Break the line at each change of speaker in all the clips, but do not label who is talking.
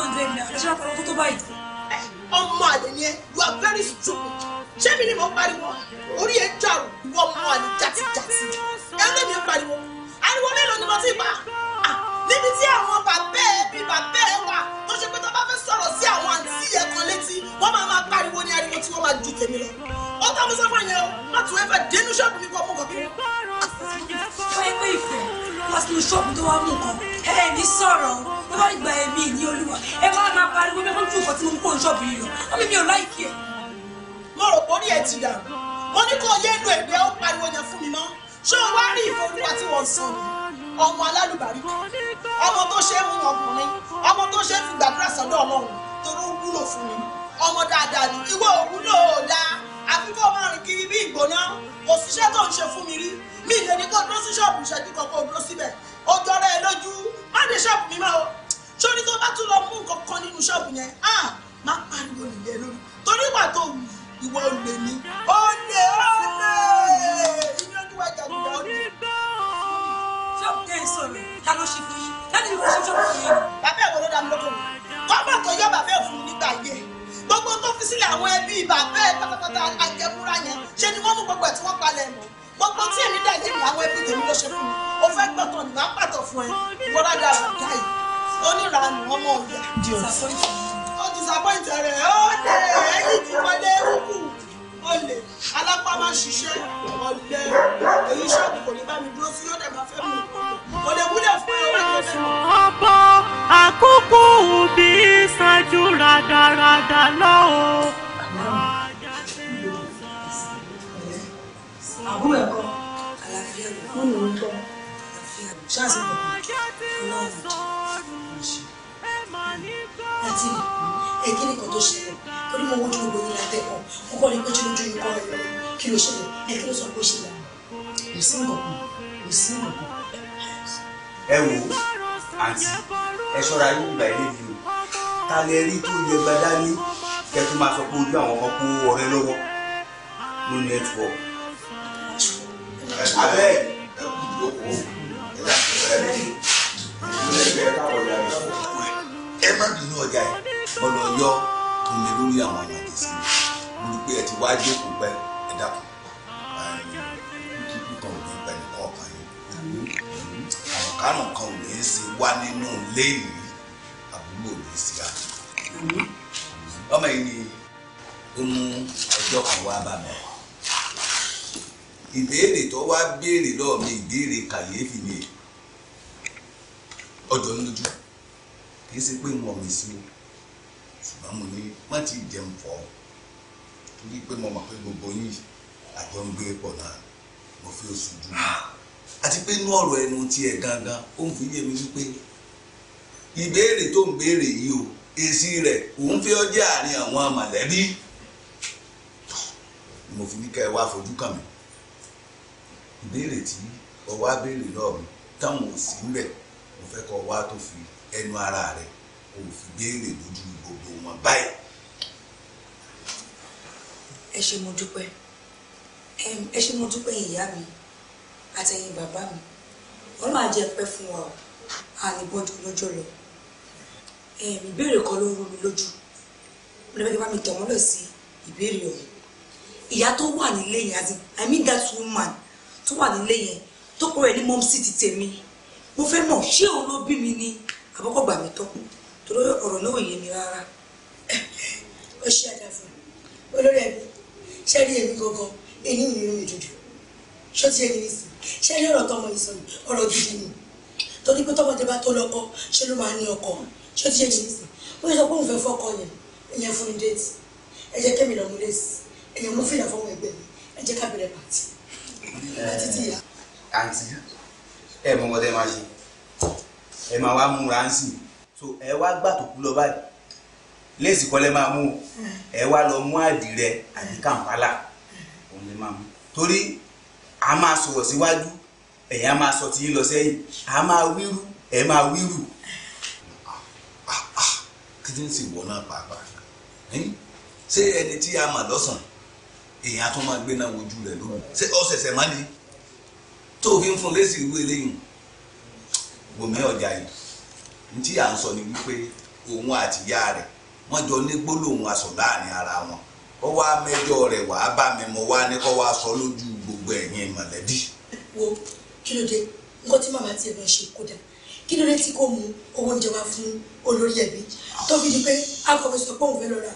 two hundred naira ṣé àpò ọkọ tó báyìí. ọmọ àlè ni ẹ you are very stupid ṣé mi ni mo pariwo orí ẹ jàrú wọ ọmọ àlè jàtìjàtì ẹ lé mi pariwo ariwo mélòó ni mo ti pa níbi tí àwọn bàbá ẹ bí bàbá ẹ wà tó ṣe pé tó bá fẹ́ sọ̀rọ̀ sí àwọn àǹtí ẹ̀ kan létí wọ́n máa máa pariwo ní ariwo tí wọ́n máa ju tèmi lọ. ó bá mi sọ fún o má tún ẹ fẹ́ dénú ṣọ́ọ̀bù mi kọ́ mú kọ́ kiri.
wọ́n ẹgbẹ́ ìfẹ́ wá sínú ṣọ́ọ̀bù tó wá mú nǹkan ẹ̀ ní sọ̀rọ̀ ìgbà ẹ̀mí ní olúwa ẹ máa máa pariwo bí wọ́n ju nǹkan tí mo ń kó ṣọ́ọ̀bù yìí lọ wọ́n mi ò láìkí ẹ̀.
mo rò pé orí ẹ ti dà mo ní kó yé inú ẹgbẹ́ ó pariwo yẹn fún mi mọ́ ṣé o wá rí ìfowópamọ́ tí wọ́n san ọmọ alálùbárí ọmọ tó ṣe é mú ọkùnrin ọmọ tó ṣe é fi gbàdúrà sọ́dọ̀ ọlọ́run torí ó wúlò fún mi ọmọ dáadáa ni ìwọ òwúlò dáa àfi kó máa rìn kiri bí ìgbóná kò síṣẹ́ tó ń ṣe fún mi rí mi ìlérí kó dúró sí ṣọ́ọ̀bù ìṣẹ́jú kọ̀ọ̀kan ò dúró síbẹ̀ ó jọra ẹ lójú má dé ṣọ́ọ̀bù mi mọ́ sórí tó bá tún lọ mú nǹkan kan nínú ṣọ́ọ̀bù yẹn á má pariwo nìyẹn lórí torí wà tó wù ìwọ olè ní olè olè ìní olúwa jàdùdà olè. ṣọ́ọ̀bù tẹ́ ẹ sọ̀rọ̀ ta ló ṣe fún yín láti ìwọ ṣe ṣọ́ọ̀bù yẹn. bàbá ẹ̀wọ̀n ló dá mi lọ́kọ̀ kọ́mọ̀ tó yọ bàbá ẹ̀ nígbà yẹ gbogbo tó fi sílẹ̀ àwọn ẹbí bàbá ẹ̀ pátápátá àjẹmúra yẹn ṣe ni wọ́n mú gbogbo ẹ̀ tí wọ́n palẹ̀ mọ́ gbogbo tí èmi dà yìí ni àwọn ẹbí tèmi ló ṣe fún mi ó fẹ́ gbọ̀tàn ní bá pàtó fún ẹ ìwọ́n lágbára ọ̀gá yìí oníranù ọmọ òòyà ó disappoint rẹ̀ ó lè ẹ̀yìn tí wọlé kúkú olè alápá máa ṣiṣẹ́ ọ̀lẹ èyí ṣọ́ọ̀bù kò ní bá
mi dúró sí yóò dẹ̀ máa fẹ́ mú
un olè wúlẹ̀ fún ẹ
wọ́n lè fún un. ọ̀pọ̀ àkókò òbí ṣáájú àbúrò ẹ̀kọ́ àlàáfíà ló ń lò ó ṣáà sí ìbọ̀kọ̀ ọlọ́run
àti ẹ̀gírí kan tó ṣẹlẹ̀ torí mo wojú gbogbo yín látẹ̀kọ̀ mo kọ́ ni pé tí lójú yín kọ́ ẹ kí ló ṣẹlẹ̀ ẹ kí ló sọ pé ó ṣẹlẹ̀ kò sí nǹkan
kò sí nǹkan.
ẹ wo àǹtí ẹ ṣọ́ra yóò gbà ẹ́ lébi o ta lẹ rí tó yẹ gbadá ní kẹ tó máa sọ pé ojú àwọn kan kó ọ̀rẹ́ lọ́wọ́ ló ní ẹtùwọ. abẹ́ ẹ kú ìjókòó ẹ dàgbẹ́ ẹ ní ẹ bẹ̀rẹ̀ káwọ́ lọ má bínú ọjà yìí mo lọ yọ ilé lórí àwọn àmàlẹ́ sí mi mo rí pé ẹ ti wá jókòó pẹ́ ẹ dákun kíkú kan ò ní pẹ́ nìkan ọ̀kan yìí àrùnkárùn kan ò ní í ṣe wá nínú ilé yìí àbúrò ò ní í ṣe àná ọmọ yìí ni ó mú ọjọ́ kan wá bá mi ìbéèrè tó wá béèrè lọ́ọ̀ ìbéèrè kàyéfì ni ọjọ́ ń lójú kì í ṣe pé mo mi sí o ṣùgbọ́n mo ní má ti jẹun fọ́ torí pé mo mọ̀ pé gbogbo yín àjọ ń gbé pọ̀ náà mo fi oṣù dùn àti pé inú ọ̀rọ̀ ẹnu tiẹ̀ gangan ó ń fi yé mi wípé ìbéèrè tó ń béèrè yìí o èsì rẹ̀ òun fi ọjọ́ àárín àwọn mọ̀lẹ́bí mo fi ní ká ẹ wá fojú kàn mí ìbéèrè tí ọwọ́ abéèrè náà mi táwọn ò sí ń bẹ̀ mo fẹ́ kọ́ wá tó fi ẹnu ara rẹ kò fi béèrè lójú gbogbo wọn báyìí.
ẹ ṣé mo dúpẹ́ ẹ ṣé mo dúpẹ́ ìyá mi àtẹ̀yìn bàbá mi ọlọ́run àjẹ́ pẹ́ fún wa o a ní bọ́dún lọ́jọ́ lọ ìbéèrè kan ló ń rú mi lójú lọ́bẹ̀ẹ́ bá mi tọ̀ mọ́lẹ̀ sí ìbéèrè ọ̀hún ìyá tó wà nílé yẹn àti i mean that woman tó wà nílé yẹn tó kọ́ rẹ̀ ní mọ́mísì ti tèmi mo fẹ́ mọ̀ ṣé òun ló bí mi ni àkọ́kọ́ gbà mí tọ́ torí ọ̀rọ̀ náà ò yé mi rárá. ó ṣe àdàfọ̀ olórí
ẹbí ṣẹ́rí èmi gangan èyí ò ní rí mi dúdú ṣó ti èmi nìsí ṣẹ́rí ọ̀rọ̀ tọmọ ìsọ̀nù ọ̀rọ̀ gidi ni torí pé tọmọdé bá tó lọ́kọ ṣé ló máa ní ọkọ ṣó ti èmi nìsí ó yẹ sọ pé òun fẹ́ fọ́kọ yẹn ìyẹn fún mi déètì ẹ jẹ́ kémi lọ́mú léèsì èèyàn mú fìlà fọmọ ẹgbẹ́ mi ẹ jẹ́ ká bẹ̀rẹ̀ pàtì
àti tíyà. àǹtí ẹ mọ ọmọdé ṣe ẹ máa wá múra ń so ẹ wá gbà tó kú lọ báyìí léèsì kọ́ lẹ́ máa mú ẹ wá lọ mú àdìrẹ àbí kàǹpálà òun lè máa mú torí a máa sọ̀rọ̀ síwájú ẹ̀yin a máa sọ tí yín lọ sẹ́yìn a máa wíru ẹ máa wíru. kí ni sì wọ náà pàápàá ṣé ẹni tí a mà lọ́sàn-án èèyàn á tún máa gbé náà wojú rẹ̀ lóhùn ṣé ọ̀sẹ̀sẹ̀ má ni tó fi ń fún léèsì irú eléyìí. ọjà yìí ntí à ń sọ ni wípé òun àtìyá rẹ wọn jọ ní gbólóhùn aṣọ láàrin ara wọn ó wá mẹjọ rẹ wàá bá mi mọ wá ní wá sọ lójú gbogbo ẹ̀yin mọ̀lẹ́bí.
wo kí ló dé nǹkan tí màmá tiẹ̀ lọ ṣe kódà kí ló dé tí kò mú owó oúnjẹ wá fún olórí pé fẹ́ fún olórí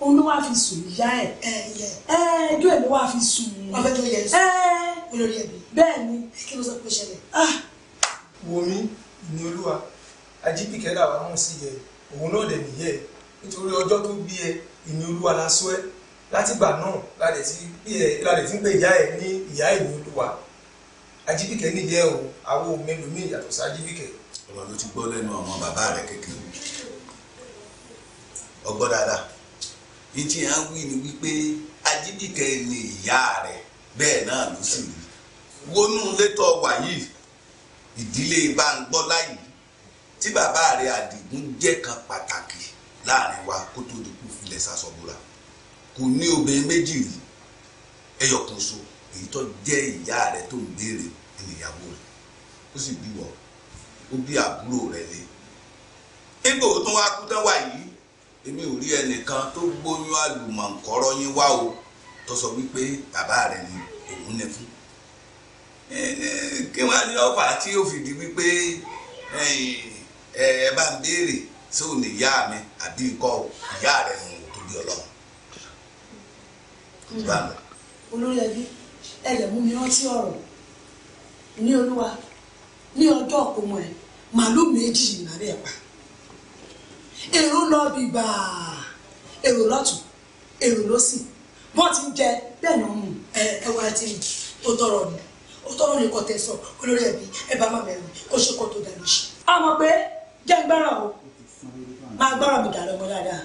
olúwa fi sùn ìyá ẹ ẹ ẹjọ́ ẹ ló wà fi sùn wọn fẹẹ tó yẹ ẹ olórí ẹbí bẹ́ẹ̀ ni kí ló sọ pé ó ṣẹlẹ̀. Ah.
wòmí ni olúwa ajíbìkẹ́ làwọn àwọn sì yẹ òun náà dẹ̀ nìyẹ nítorí ọjọ́ tó bí ẹ ìní olúwa la sọ ẹ látìgbà náà la dẹ̀ ti ń pè ìyá ẹ ní ìyá ìní olúwa ajíbìkẹ́ níjẹ́ o àwọn mélòó mi ìyàtọ̀ sí ajíbìkẹ́. ọ̀rọ̀ ló ti gbọ́ lẹ́nu ọmọ bàbá rẹ̀ kékeré ọgbọ́n dáadáa ìtì à ń wí ni wípé ajídìtẹ̀ ni ìyá rẹ̀ bẹ́ẹ̀ náà ló sì rí wọnú létọ wà yìí ìdílé bá ń gbọ́ láyìí tí bàbá rẹ̀ àdìgún jẹ́ kan pàtàkì láàrin wa kó tó di kú filẹ̀ sàṣọ̀bùrà kò ní obìnrin méjì rí ẹyọkan so èyí tó jẹ́ ìyá rẹ̀ tó ń béèrè ìyàwó rẹ̀ ó sì bí wọ́ ó bí àbúrò rẹ̀ lé. igbó tó wá kú tán wà èmi ò rí ẹnìkan tó gbóyún àlùmọ̀ǹkọ́rọ́ yín wá o tó sọ wípé bàbá rẹ̀ ni òun nẹ fún kí wọ́n á ní ọ̀fà tí ó fi di wípé ẹ bá ń béèrè sí òní ìyá mi àbí ikọ́ ìyá rẹ̀ nù tóbi ọlọ́run
olórí ẹbí ẹlẹ mú mi rántí ọ̀rọ̀ ní olúwa ní ọjọ́ òkú mọ ẹ méjì nínú ẹ̀ pa èrò lọ bìbà èrò lọ́tún èrò lọ́sì bọ́n ti ń jẹ bẹ́ẹ̀ náà mú ẹ ẹ wá ti rí ó tọrọ ni ó tọrọ ni kò tẹ sọ olórí ẹbí ẹ bá má mẹ́rin kó ṣe kó tó dànù ṣe. ọmọ pé jẹ́ gbára o máa gbára mi dàrú ọmọ dáadáa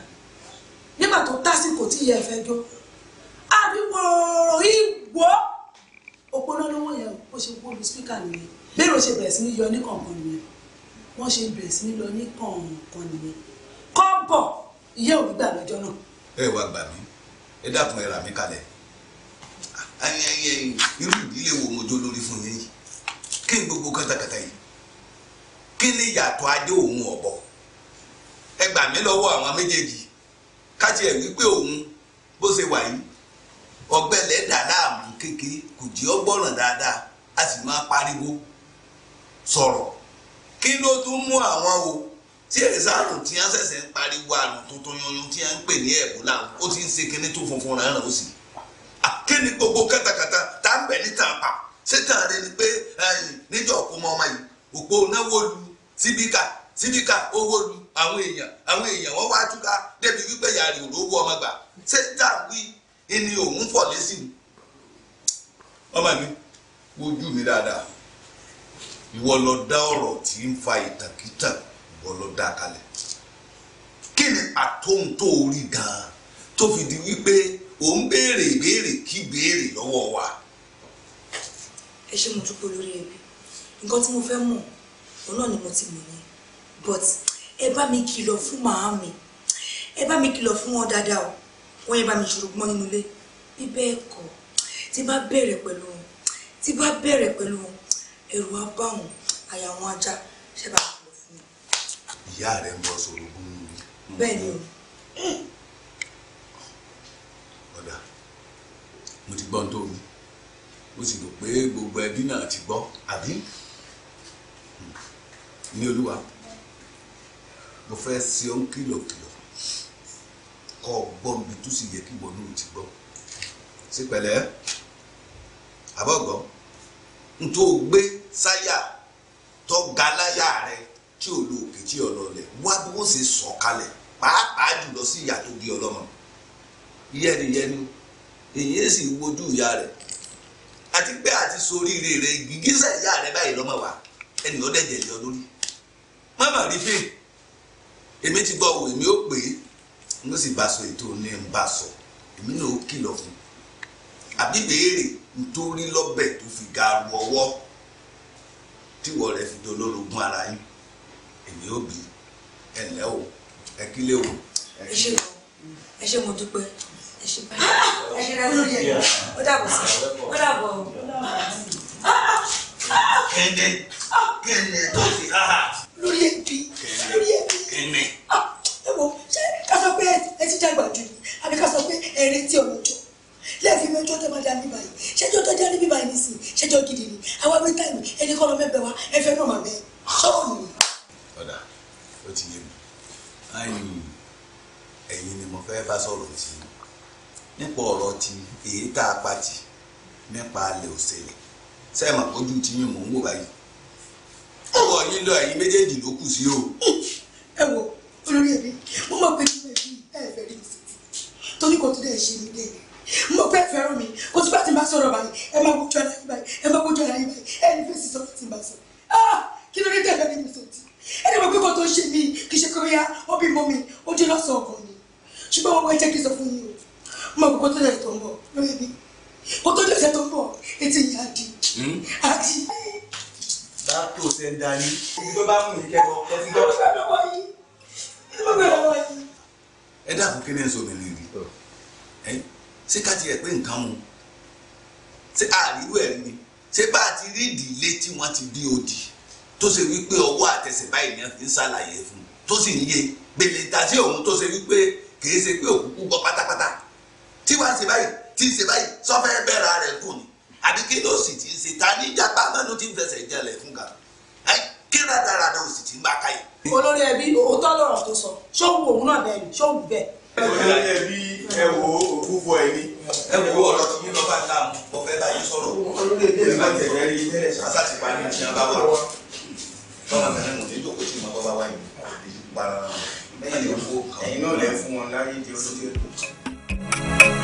nígbà tó tásìkò tí ìyá ẹ fẹ́ jó àbíkò ìwọ òpónà lówó yẹn ó ṣe wó lu spíkà nìyẹn bẹ́ẹ̀ ló ṣe bẹ̀rẹ̀ sí ní yọ ní kọ̀ọ̀kan nìyẹn wọ́n ṣe bẹ̀rẹ̀ sí ní lọ ní kọ̀ọ̀kan nìyẹn bọ̀ ìyá ò ní gbà lọ́jọ́ náà.
ẹ wá gbà mí ẹ dákun ẹ rà mí kalẹ̀ irú ìdílé wo mojo lórí fún mi yìí kí n gbogbo kátàkátà yìí kí ni yàtọ̀ ajé òun ọ̀bọ ẹ gbà mí lọ́wọ́ àwọn méjèèjì kájí ẹ̀ wípé òun bó ṣe wà yìí ọgbẹ́lẹ̀ dà láàmú kékeré kò jí ọ gbọ́ràn dáadáa a sì máa pariwo sọ̀rọ̀ kí ló tún mú àwọn o. tí ẹ̀sà àrùn tí wọ́n ṣẹ̀ṣẹ̀ ń pariwo àrùn tuntun yọyún tí wọ́n ń pè ní ẹ̀bùlà ó ti ń ṣe kíní tó funfun rẹ̀ gbogbo kátàkátà tá ń bẹ̀ níta pa sétan ni pé níjọ́ kó mọ ọmọ yìí òpó náwó lu síbíkà síbíkà owó lu àwọn èèyàn àwọn èèyàn wọ́n wá túká débi wípé yàrá òdòwó ọmọ gbà sétan wí ni òun fọ̀ ọmọ mi wojú mi dáadáa fa wọ́n ló dá kalẹ̀ kí ni àtòhùn tó rí gan-an tó fi di wípé ò ń béèrè ìbéèrè kí béèrè lọ́wọ́ wa. ẹ ṣe mo dúpẹ́
lórí ẹbí nǹkan tí mo fẹ́ mọ̀ òun náà ni mo ti mọ̀ yẹn but ẹ bá mi kìlọ̀ fún màá mi ẹ bá mi kìlọ̀ fún wọn dáadáa o wọ́n yẹn bá mi ṣòro gbọ́n nínú ilé bí bẹ́ẹ̀ kọ́ tí bá bẹ̀rẹ̀ pẹ̀lú wọn tí bá bẹ̀rẹ̀ pẹ̀lú
wọn ẹ̀rù á bá wọn àyà wọn ajá ṣẹ́bàá ìyá rẹ ń bọ sorogún níbi. bẹ́ẹ̀ni o. ọ̀dà mo ti gbọ́ tó mi mo sì rò pé gbogbo ẹbí náà ti gbọ́ àbí ní olúwa mo fẹ́ ṣe ọ́n kìlọ̀kìlọ̀ kọ́ ọ gbọ́ mi tó sì yẹ kí wọ́n lóun ti gbọ́ sí pẹ̀lẹ́ àbọ̀gbọ́ n tó gbé sáyà tó ga láyà rẹ̀ tí ò lo òkè tí ò lọlẹ̀ wá bí wọ́n ṣe sọ̀ kalẹ̀ pàápàá jùlọ sí ìyá tó bí ọlọ́mọ yẹ́niyẹ́ni èyí sì wojú ìyá rẹ̀ àti pé àti soríire rẹ̀ gìgísẹ̀ ìyá rẹ̀ báyìí lọ́mọ wa ẹnì ọdẹ jẹ̀lẹ̀ ọdún rí mọ́mọ́ rí fèé èmi ti gbọ́ èmi ó pè é mo sì bá sọ ètò ní n bá sọ èmi náà ó kìlọ̀ fún àbí béèrè nítorí lọ́bẹ̀ tó fi ga ru ọwọ́ tíwọ́ rẹ̀ fi dolórogún ara yín èmi ò bí ẹ ǹlẹ́ o ẹ kílé o. ẹ ṣe lọ ẹ ṣe mo dúpẹ́ ẹ ṣe bá ẹ ṣe rẹ lórí ẹ ó dàbọ̀ sí ó dàbọ̀ o.
kẹ́ni kẹ́ni tó ti ah. háhà. lórí ẹbí lórí ẹbí. kẹ́ni. ẹ wo ṣé ká sọ pé ẹ ti dàgbà jù àbí ká sọ pé ẹ retí ọ̀rọ̀ jọ lẹ́ẹ̀fi mẹ́jọ tẹ́ máa dání báyìí ṣẹ́jọ́ tó dání bíbáyìí nísìnyí ṣẹ́jọ́ gidi ni àwa gbé táìmù ẹni kọ́ lọ mẹ́bẹ̀ wá ẹ fẹ́ náà máa
ọ̀dà ó ti yé mi ẹ̀yin ni mo fẹ́ bá sọ̀rọ̀ tí nípa ọ̀rọ̀ ti èyí tá a pàtì nípa alẹ́ òṣèlè sẹ́ẹ̀mọ̀ ojú ti yín mò ń wò báyìí ọ̀rọ̀ yín lọ ẹ̀yin méjèèjì ló kù sí o. ẹ wo
olórí ẹbí mo máa pè nínú ẹbí ẹ fẹ́ rí mi torí kò tún dẹ̀ ṣe mí dé mo fẹ́ fẹ́ràn mi kò tún bá ti bá sọ̀rọ̀ báyìí ẹ máa wojú ara yín báyìí ẹ máa wojú ara yín báyìí ẹ ní fèsì sọ́kùn tí ń sọ ah! kí ló dé tẹ̀lé mi sọ́kùn ẹni mo gbé kan tó ṣe mí kì í ṣe pé bóyá ó bí mọ́ mi ó jẹ́ lọ́sàn ọkàn mi ṣùgbọ́n wọn kọ́ ẹ jẹ́ kí n sọ fún yín o mo gbogbo tó dẹ̀ tó ń bọ̀ lórí mi kó tó dẹ̀ tó ń bọ̀ etí yìí á di
hmm? á di. dáàtò ṣe ń darí omi tó bá mú mi kẹ́kọ̀ọ́ ẹ ti gbọ́. ẹ dáàbò kí ni ẹ sọ mi rírì ṣé ká tiẹ̀ pé nǹkan mu ṣé àríwẹ̀ ni ṣé bá a ti rí ìdílé tí wọ́n ti bí odi tó ṣe wípé ọwọ́ àtẹsẹ̀ báyìí ni wọ́n fi ń ṣàlàyé fún tó sì ń yé gbèlè tàṣí òun tó ṣe wípé kì í ṣe pé òkúkú gbọ́ pátápátá tí wàá ṣe báyìí tí ń ṣe báyìí sọfẹ́ bẹ́ra rẹ̀ kù ni àbí kí ló sì ti ń ṣe ta ní ìjàpá mẹ́nu tí ń fẹsẹ̀ jẹlẹ̀ fún ga kí rádaràdà ò sì ti ń bá káyè. olórí ẹbí òótọ́ lọ̀rọ̀
tó sọ ṣóhun òun náà bẹ́ẹ̀ ni ṣóhun bẹ́ẹ̀. olórí ẹbí ẹ wo òkúfọ ẹ ní ẹ wo ọ̀rọ̀ tí yín lọ́ba ń dààmú ọ̀fẹ́ báyìí sọ̀rọ̀ olórí ẹbí ẹ má jẹ̀jẹ̀ rí àṣà tọ́lá mẹ́rin mò ní ìjókòó tí mo bá wáyé ìdí para ẹ̀yìn náà lẹ́ fún wọn láyé ìdí olóde.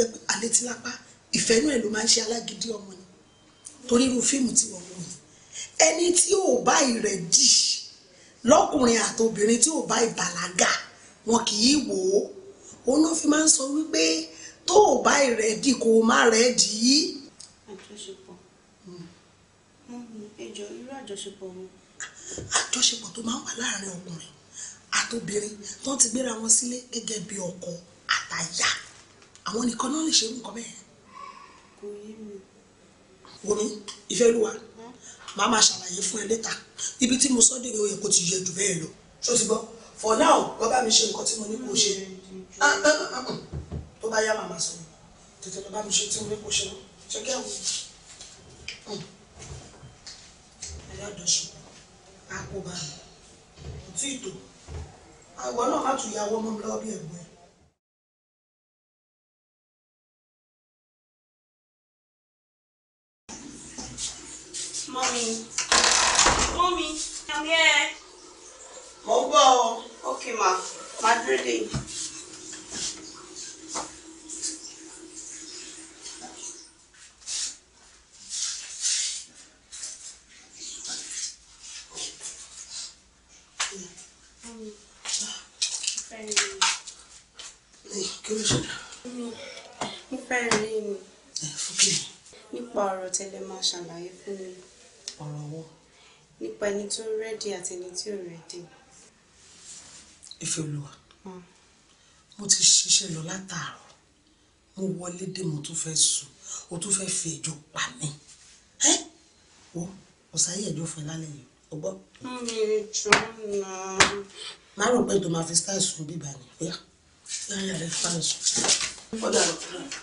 jẹ́ pé alétílápá ìfẹ́ inú ẹ̀ ló máa ń ṣe alágídí ọmọ ni torí irú fíìmù tí wọ́n wò yìí ẹni tí ò bá ìrẹ̀ dì lọ́kùnrin àtobìnrin tí ò bá ìbàlágà wọn kì í wò ó òun ló fi máa ń sọ wípé tó ò bá ìrẹ̀ dì kò má rẹ̀ dì í.
àjọṣepọ̀ ẹjọ́ irú àjọṣepọ̀ wo.
àjọṣepọ̀ tó máa ń wà láàárín ọkùnrin àtobìnrin tó ti gbéra wọn sílé gẹ́gẹ́ bí ọkọ àtàyà àwọn nìkan náà lè ṣe nǹkan bẹ́ẹ̀. kò yé mi. wo mi ìfẹ́ olúwa màá máa ṣàlàyé fún ẹ lẹ́tà ibi tí mo sọ dèrè ó yẹ ti yẹ jù bẹ́ẹ̀ lọ ṣó ti gbọ́ for now wọ́n bá mi ṣe nǹkan tí mo ní kó ṣe ah, ah, ah, tó bá yá màmá sọ tètè lọ bá mi ṣe tí mo ní kó ṣe lọ hmm. ṣe kí àwọn ẹ̀yà dọ̀ṣù àpò bá
mi tí ì tò àwọn náà má tún yà wọ́n mọ́ mi lọ́wọ́ bí ẹ̀gbọ́n ẹ̀.
Mommy. Mommy, come here. Mo bọ̀ o. Okay, ma. Ma dúró dé. ẹni tó rẹ́dí àti ẹni tí ò rẹ́dí. ìfẹ́olúwa hmm.
mo ti ṣiṣẹ́ lọ látàárọ̀ mo wọlé dé mo tún fẹ́ sùn o tún fẹ́ fi ẹjọ́ pa mí o kò sáyé ẹjọ́ fún ẹ lálẹ́ yìí o gbọ́.
mi ò jọ náà. má rò pé
tó máa fi style sùn bíbá ni pé yáyà rẹ fà ń sùn. ó dà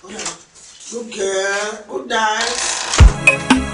ó dà ó dà ó dà ó dà ó dà.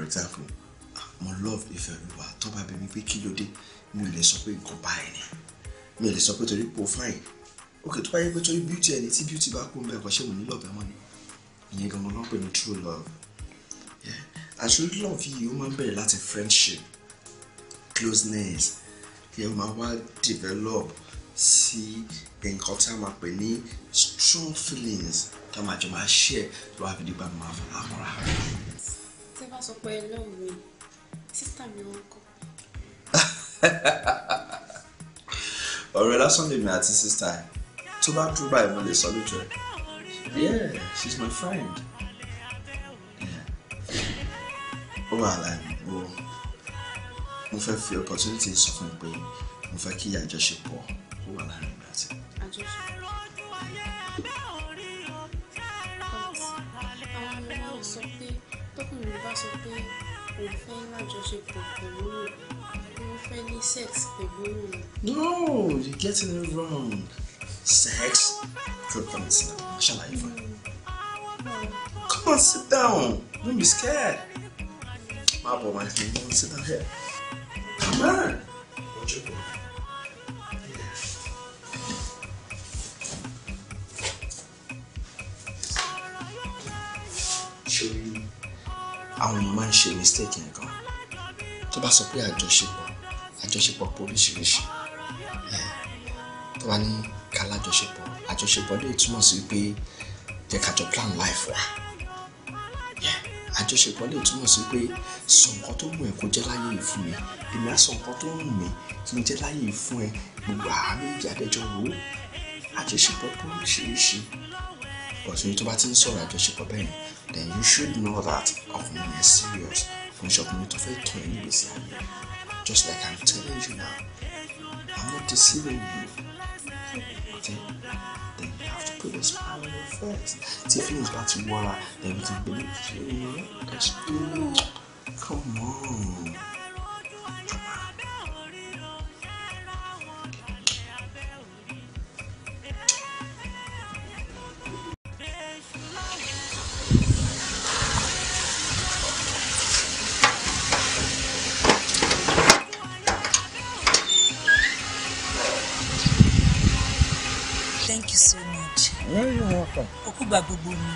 for example ah, mo love Ifeoluwa tó bá bẹ mi pé kí ló dé mo lè sọ pé nǹkan báyìí ni mi ò lè sọ pé torí pé o ok tó bá yẹ pé torí beauty ẹni tí beauty bá kú ń bẹ ẹ̀kọ́ ṣé mo nílò ọ̀bẹ mọ́ ni ìyẹn gangan ló ń pè ní true love true love yìí ó máa ń bẹ̀rẹ̀ láti friendship closeness yẹ ó máa wá develop sí nǹkan tá a máa pè ní strong feelings tá a máa jọ máa share tó wá fi dìgbà máa fara mọ́ra tí bá sọ pé love me sísítà mi wọn kọ. ọ̀rẹ́ lásán lèmi àti sísítà ẹ̀ tó bá dúró báyìí mo lè yeah she's my friend
Yeah. Oh láàyè oh. mo fẹ́ fi opportunity sọ fún mi pé mo fẹ́ kí àjọṣepọ̀ ó wà láàrin mi àti.
àjọṣepọ̀ àwọn ọmọ náà sọ pé tọkùnrin bá sọ pé
òun fẹ́ lájọṣepọ̀ pẹ̀lú òun fẹ́ ní sex pẹ̀lú òun. no you getting it wrong sex preference na ṣàlàyé fún come on sit down don't be scared. má bọ̀ máa fi mú sit down here. come on. ṣe mistake yẹn gan tó bá sọ pé àjọṣepọ̀ àjọṣepọ̀ pọ̀ oríṣiríṣi tó bá ní kálájọṣepọ̀ àjọṣepọ̀ lè túmọ̀ sí pé jẹ́ ká jọ plan life wa àjọṣepọ̀ lè túmọ̀ sí pé sọ nǹkan tó mú ẹ kó jẹ́ láyé yìí fún mi èmi á sọ nǹkan tó mú mi kí n jẹ́ láyé yìí fún ẹ gbogbo àárín ìyá àdẹjọ́ wò ó àjọṣepọ̀ pọ̀ oríṣiríṣi but ní tó bá ti ń sọ̀rọ̀ àjọṣepọ̀ bẹ́ẹ̀ ni then you should know that ọkùnrin yẹn serious fún ìṣọkùnrin tó fẹ́ tàn ní gbèsè ayé just like i'm telling you now i'm not deceiving you okay then you have to put this on your face. tí feelings bá ti wọra then you can believe you know
come on. Come on.
you so much.
You're welcome.
Òkú gba gbogbo mi.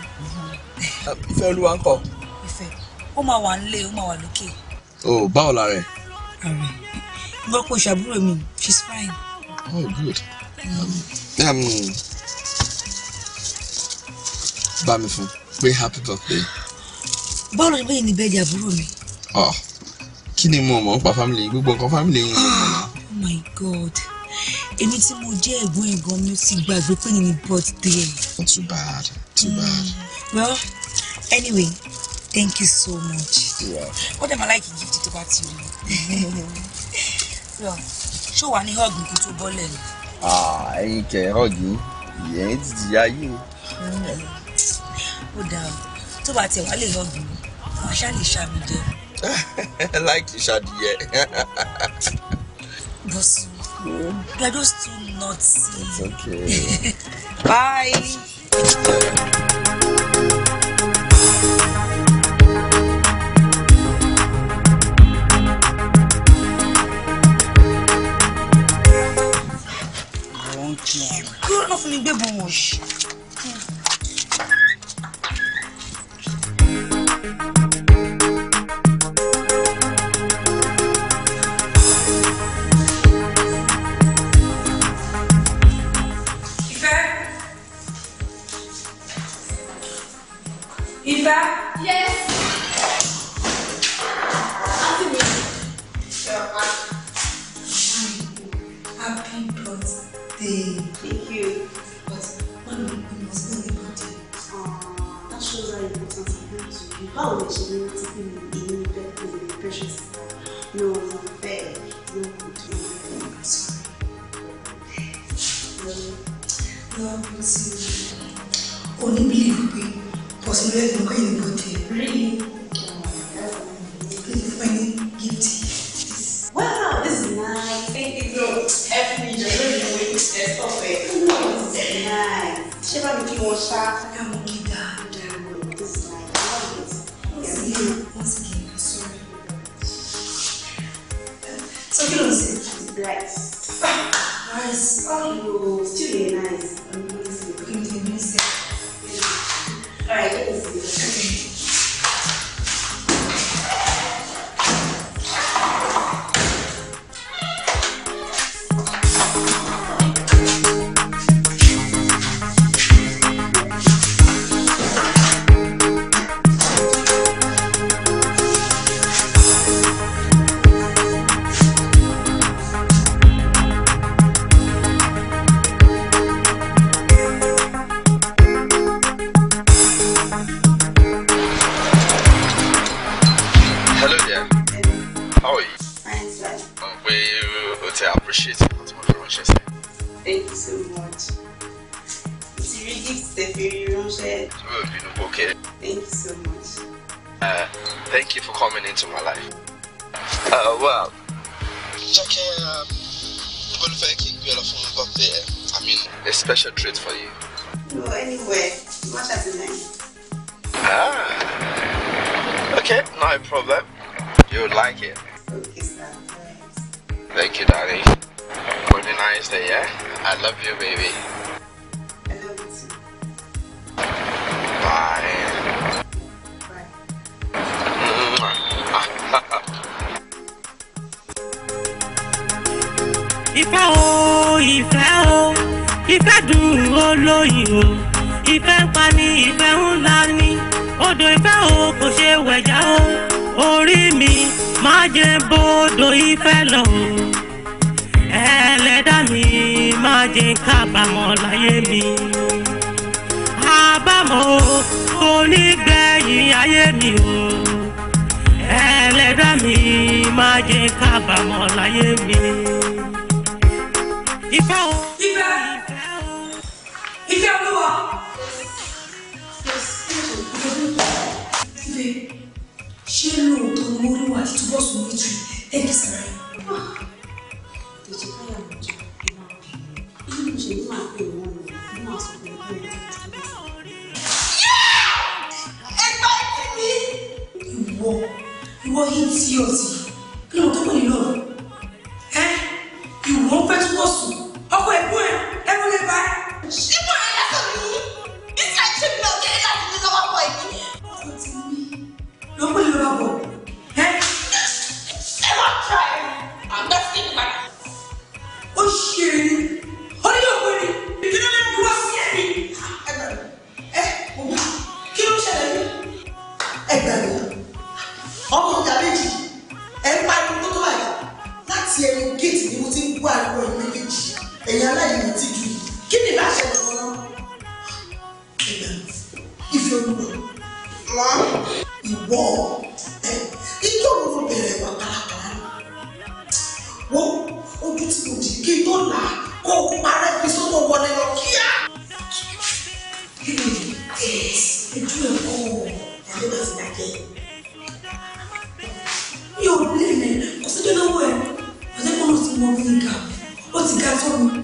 Uh, ife. olúwa ń kọ.
Ìfẹ́ ó máa wà nílé ó máa wà lókè.
O báwo la rẹ̀?
Ààrẹ nǹkan kò ṣàbúrò mi she's fine. Oh good.
Um,
bá mi fún pé happy birthday.
Báwo ló ṣe bẹ́ẹ̀ ni bẹ́ẹ̀dì àbúrò mi?
Ah, kí ni mo mọ̀ nípa family gbogbo nǹkan family yín? Ah,
oh my God èmi tí mo jẹ́ ẹ̀gbọ́n ẹ̀gbọ́n mi ti gbàgbé pé ní birthday ẹ̀. too bad too mm. bad. well anyway thank you so much. ó dẹ̀ máa láìkí gift tó bá ti rí i. ṣó wàá ní hug nǹkan tó bọ́lẹ̀ ni.
Ah, ẹyin kẹ hug yìí ìyẹn ti di ayé o.
ó dáa tó bá tiẹ̀ wá lè hug mi wàá ṣáà lè ṣàmì jẹ.
láìkí ṣàdìyẹ.
bọ́sùn. You are just too nuts. It's
okay.
Bye. Kúrò Good fún mi gbé bọ̀
Uh, thank you for coming into
my life. Uh, well. Um, I mean, a special treat for you.
No, anywhere, much as you Ah. Okay, no problem.
You would like it. Thank you, darling. Have a nice day, yeah? I love you, baby.
ìfẹ́ o ìfẹ́ o ìfẹ́ dùn ó lóyìn o ìfẹ́ ń pa ni ìfẹ́ ńlá ni odò ìfẹ́ o kò ṣe wẹ̀já o orí mi má jẹ́ bọ́dọ̀ ìfẹ́ lọ o ẹlẹ́dàá mi má jẹ́ kábàámọ̀ láyé mi àbámọ̀ o kò ní gbẹ̀yìn ayé mi o ẹlẹ́dàá mi má jẹ́ kábàámọ̀ láyé mi ìfẹ́ o. ìfẹ́ ìfẹ́ olúwa.
kílẹ̀ ṣé lóòótọ́ ni wọ́n wà títí bọ́ọ̀sì méjì ẹ̀kí sára yìí. tètè yìí tí ọtí kí ló tó pè ní lọ́rùn ẹ ìwọ fẹ́ túbọ̀ sùn. kí ni bá ṣẹlẹ̀ wọn náà
ìgbà ìfẹ́
olúwa má ìwọ ẹ ìjọ wo ló bẹ̀rẹ̀ wà kárakára wo ojú tí mo dì kí n tó là kó o parẹ́ fi sọ́dọ̀ wọlé lọ kíá. kí ni ojú ẹ̀ kọ́ ọ̀ àbí bá ti dàgẹ́ mi ò lè mẹ́ kò sí dé lọ́wọ́ ẹ̀ ọ̀sẹ̀ kọ́nà sí wọn fi ń ga ó ti ga sọ́run.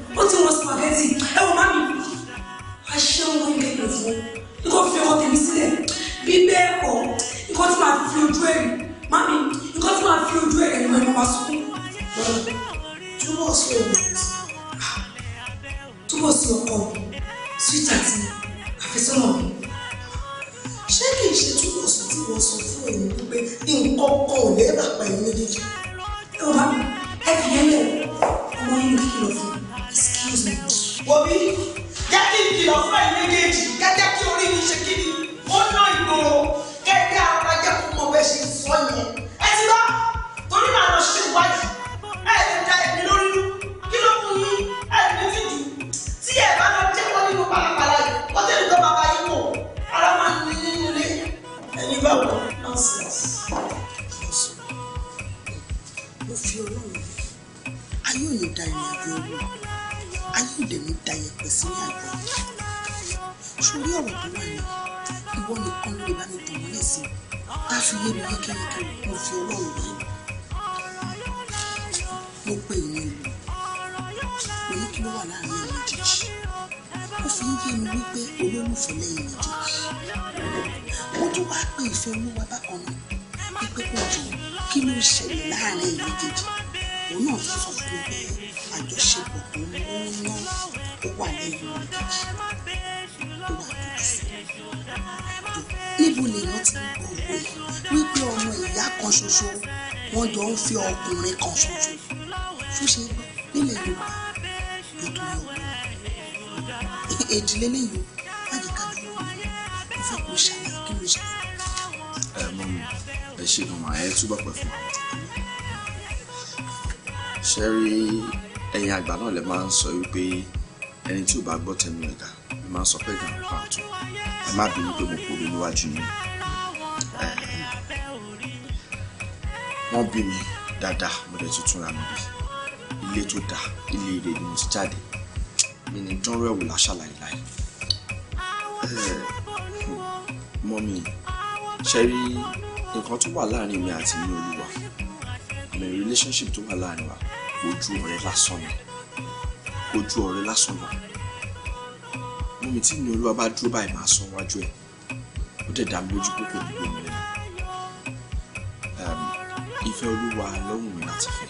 sọ wípé ẹni tí ò bá gbọ́ tẹnu ẹ̀dá ẹ máa sọ pé gàmù pàtó
ẹ má bínú pé mo kúrò níwájú yín wọ́n bí mi dáadáa mo lè tuntun ra mi bí ilé tó dáa ilé ire
ni mo ti jáde mi ní dánrọ ẹ̀wò láṣàlàyé láì mọ mi ṣe rí nǹkan tó wà láàrin mi àti mi olúwa mi relationship tó wà láàrin wa ojú ọ̀rẹ́ lásán ni ojú ọ̀rẹ́ lásán lọ mo mi tí ní olúwa bá dúró báyìí máa san
wájú ẹ ó dẹ̀ dá mi lójú pé kò ní gbòmìn lẹ́nu ìfẹ́ olúwa lọ́hùn mi láti fẹ́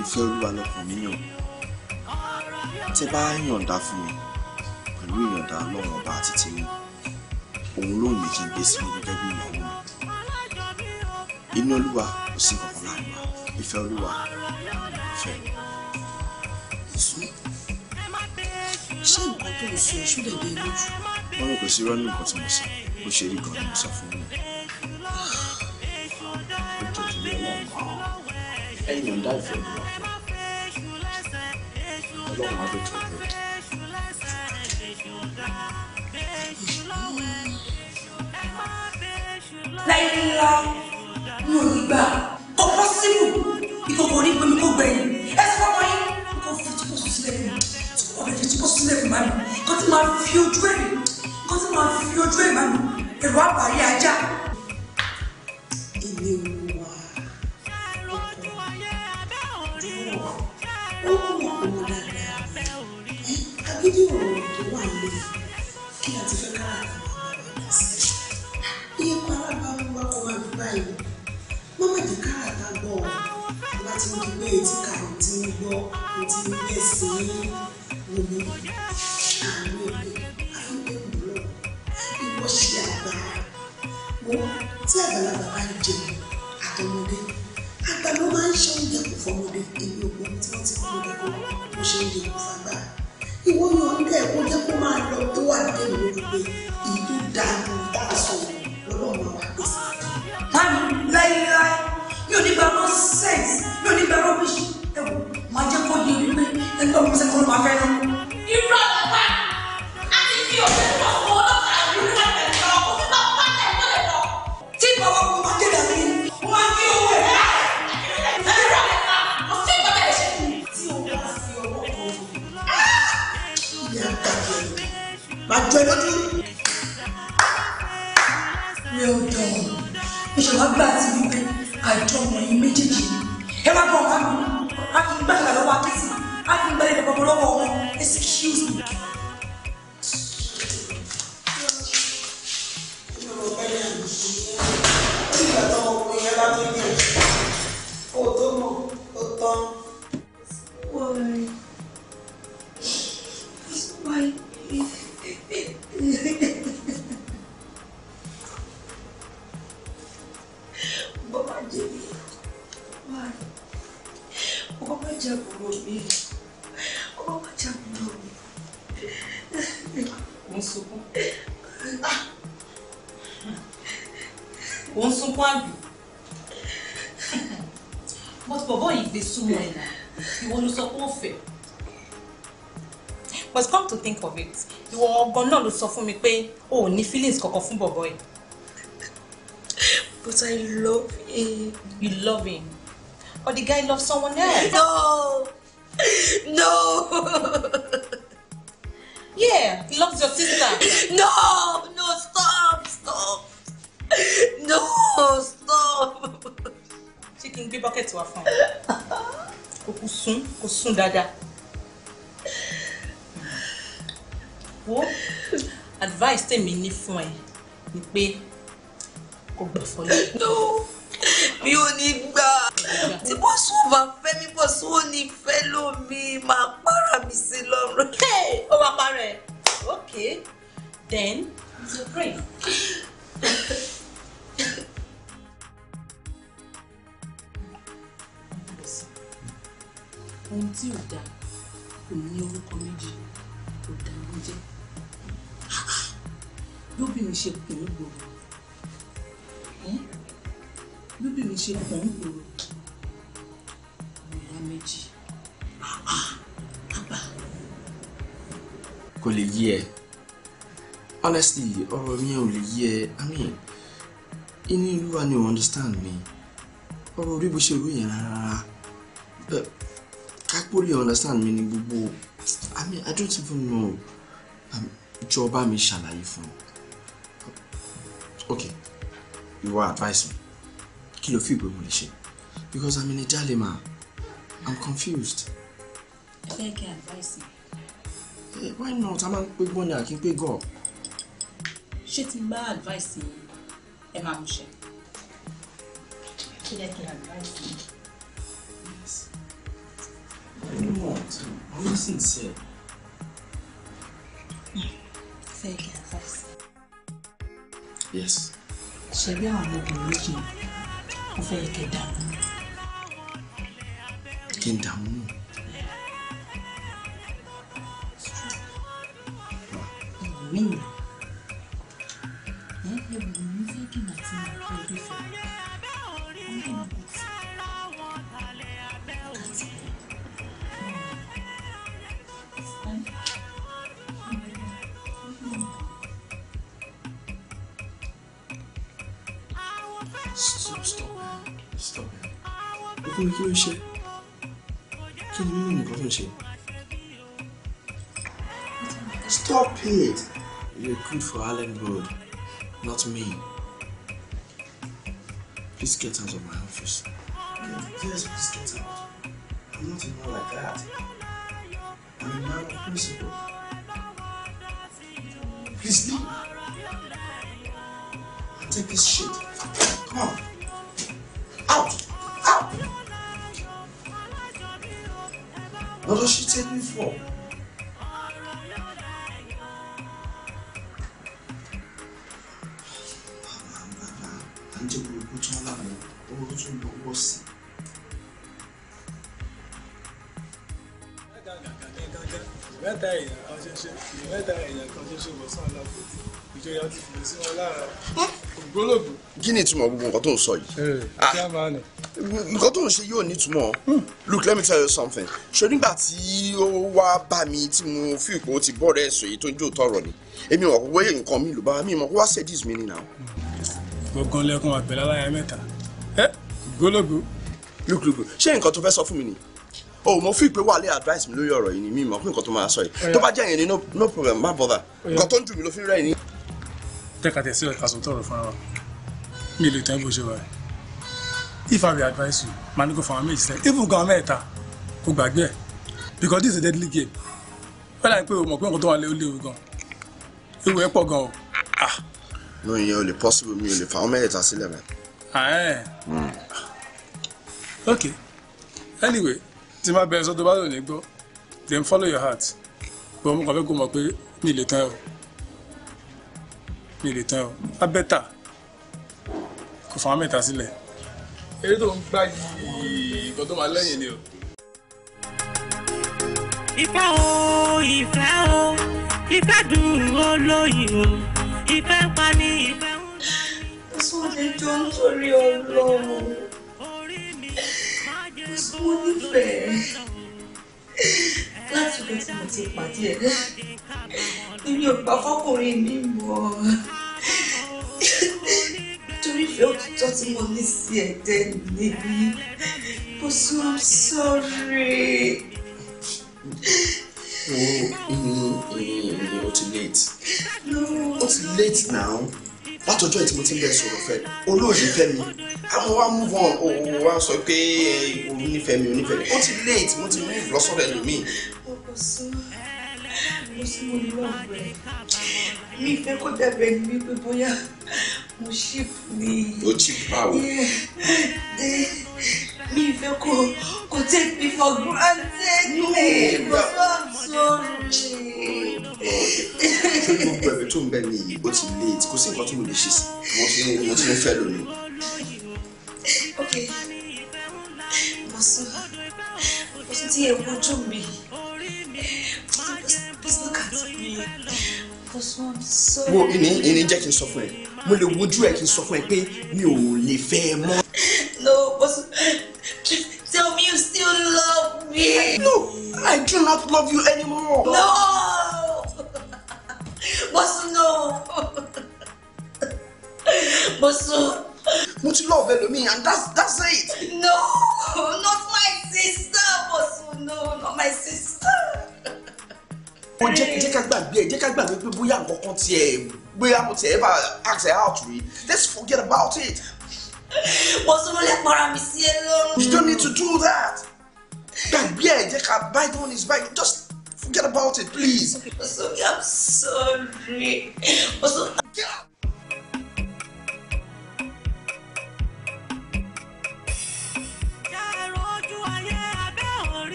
ìfẹ́ olúwa lọ́kàn mi yàn tẹ́ bá yànda fún mi pẹ̀lú ìyànda ọlọ́run ọba àti tèmi òun lóhùn mi kí n gbé sí mi gẹ́gẹ́ bí ìyàwó mi inú olúwa kò sí kankan láàrin wa ìfẹ́ olúwa ìfẹ́ mi.
tó ń sọ ẹṣú dẹ̀dẹ̀ lójú. wọn rò kò sí rọ́ọ̀nù nǹkan tí mo sọ bó ṣe rí gan mo sọ fún mi. ó ọ̀dà ìfẹ́ mi ọlọ́run á lè tọ́jú rẹ̀. Play love. 我讨厌家。rẹ ò dán o mo ṣe wá gbà tí wípé àjọ wọ̀nyí méjèèjì ẹ wá bọ̀ wá mi a kì í gbàgbà lọ́wọ́ akẹ́sì a kì í gbàgbà lọ́wọ́ wọn excuse me.
sọ fún mi pé o ò ní feelings kankan fún bọ̀bọ̀ ẹ̀. But I love him. You love him. Or the guy loves someone else. No! No! Yeah, he loves your sister. No! No, stop! Stop! No! Stop! Chicken, gbé bucket wá fún ẹ. Kò kú sún, kò sún dáadáa. wo advice tèmi ní fún ẹ ni pé kò gbà fọlẹ. no mi ò ní gbà tí bọ́sùn bá fẹ́ mi bọ́sùn ò ní fẹ́ lómi máa para mi sí lọ́rùn. ó máa para ẹ okay then you pray. ohun tí ò dáa
kò ní orúkọ méjì kò dáa ló jẹ́ lóbìnrin ṣe pè é gbòòrò lóbìnrin ṣe pè é gbòòrò ìlà méjì bàbá.
kò lè yí ẹ honestly
ọ̀rọ̀ mi ò lè yí ẹ i mean inú ìlú wa ni o understand me ọ̀rọ̀ orí bó ṣe rú yẹn rárá kápólì understand me, ni gbogbo i mean i don't even know. Um, jọ̀ọ́ bá mi ṣàlàyé fún mi ok ìwọ advice mi kí ló fi ìwé mo lè ṣe because i'm in a dilemma i'm confused.
ẹ fẹ́ kí advice mi.
ẹ eh, why not a máa ń pé gbọ́n ní àkín pé gọ̀.
ṣé tí n bá advice yìí ẹ máa mú ṣe. kí lẹ advice yìí. yes.
I don't want to. I'm sincere. Yes. ṣe bí àwọn ọmọbìnrin méjì yẹn mo fẹ́ yẹ kẹ́
gbólóògbé. kí ni ìtumọ̀ gbogbo nǹkan tó ń sọ yìí. Eh, ah, nǹkan tó ń ṣe yóò nítumọ̀ hmm. look let me tell you something ṣé nígbà tí ó wá bá mi tí mo fi ìpò ti bọ́ rẹ̀ ẹ̀sùn èyí tó ń jó tọrọ ni èmi mọ̀ pé nǹkan mi ló bá mi mọ̀ pé wá sedis mi ni now. gbọ̀ngàn lẹ́kùn àgbẹ̀ láláya mẹ́ta eh, gbólóògbé. look look ṣé nǹkan tó fẹ́ sọ fún mi ni o mo fi pé wàhálà advice mi lórí ọ̀rọ̀ yìí ni mi mọ̀ pé nǹkan tó máa sọ yìí tó bá jẹ́ yẹn ni no problem má bother nǹkan tó ń dùn mí ló fi rẹ̀ yìí jẹ́ ká tẹ̀sílẹ̀ ká sọ̀tọ̀ ọ̀rọ̀ fúnra wa mi lè tán bó if i will advise you máa ní kó fún àwọn méjì sẹ́yìn even gan mẹ́ta kó gbàgbé ẹ̀ because this is a deadly game wọ́n dà pé o mọ̀ pé nǹkan tó wà léwu léwu gan ewu ẹ̀ pọ̀ gan ah. no ìyẹn ò possible mi ò lè fa àwọn mẹ́ta sílẹ̀ mẹ́. Hmm. ok anyway tí n bá bẹ̀rẹ̀ sọ́dọ̀ bá lò ní then follow your heart But I'm going to go. mọ̀ pé mi lè tán mi lè tán o abẹ́tà kò fún wa mẹ́ta sílẹ̀. eré tó ń gbá yìí nǹkan tó máa lẹ́yìn ni o.
ìfẹ́ o ìfẹ́ o ìfẹ́ dùn olóyè o
ìfẹ́ pa ní ìfẹ́ o. sóde jọ ń torí ọlọ́run mo nífẹ̀ẹ́ láti ọjọ́ tí mo ti pàdé ẹ nínú ọgbà fọkùnrin mi mọ́ torí ìfẹ́ òtítọ́ tí mo ní sí ẹ̀dẹ́
níbí bó so I'm sorry. Wo o ti late. O ti late now. Látọjọ́ ìtí mo ti ń bẹ sọ̀rọ̀ fẹ́. Olóòyè fẹ́ mi. Àwọn wa move on. Òwò wa sọ pé òun nífẹ̀ẹ́ mi, òun nífẹ̀ẹ́ mi. O ti late, mo ti move lọ́sọ̀rọ̀ ẹlòmíì. Bùsùn Bùsùn mo love rẹ mi fẹ́ kó dàbẹ̀
ní wípé bóyá mo ṣì ní.
o ti bá o.
mi fẹ́ kó kó take me for granted no Bùsùn
I'm sorry.
ṣé gbogbo ẹ̀mí tó ń bẹ mi yìí ó ti late kó sí nǹkan tó mo lè ṣe sí mo ti ń fẹ́ lónìí.
ok Bùsùn Bùsùn ti yẹ kó jó mi yìí wo ini
ini jẹ́ kí n sọ fún ẹ mo lè wojú ẹ kí n sọ fún ẹ pé mi ò lè fẹ́ ẹ
no bosu tell me you still love me. no I do
not love you anymore. no bosu no bosu. mo ti love ẹlòmíì and that's that's
it. no not my sister bosu no not my sister
kò jẹ́ jẹ́ ká gbàgbé ẹ̀ jẹ́ ká gbàgbé pé bóyá nǹkan kan tiẹ̀ bóyá mo tiẹ̀ ever ask her out rí let's forget about it. mo tún lè para mi sí ẹ lọ́rùn. you don't need to do that. gbàgbé ẹ̀ jẹ́ ká bite on his bite just forget about it please. Osomi I'm sorry.
Osomi.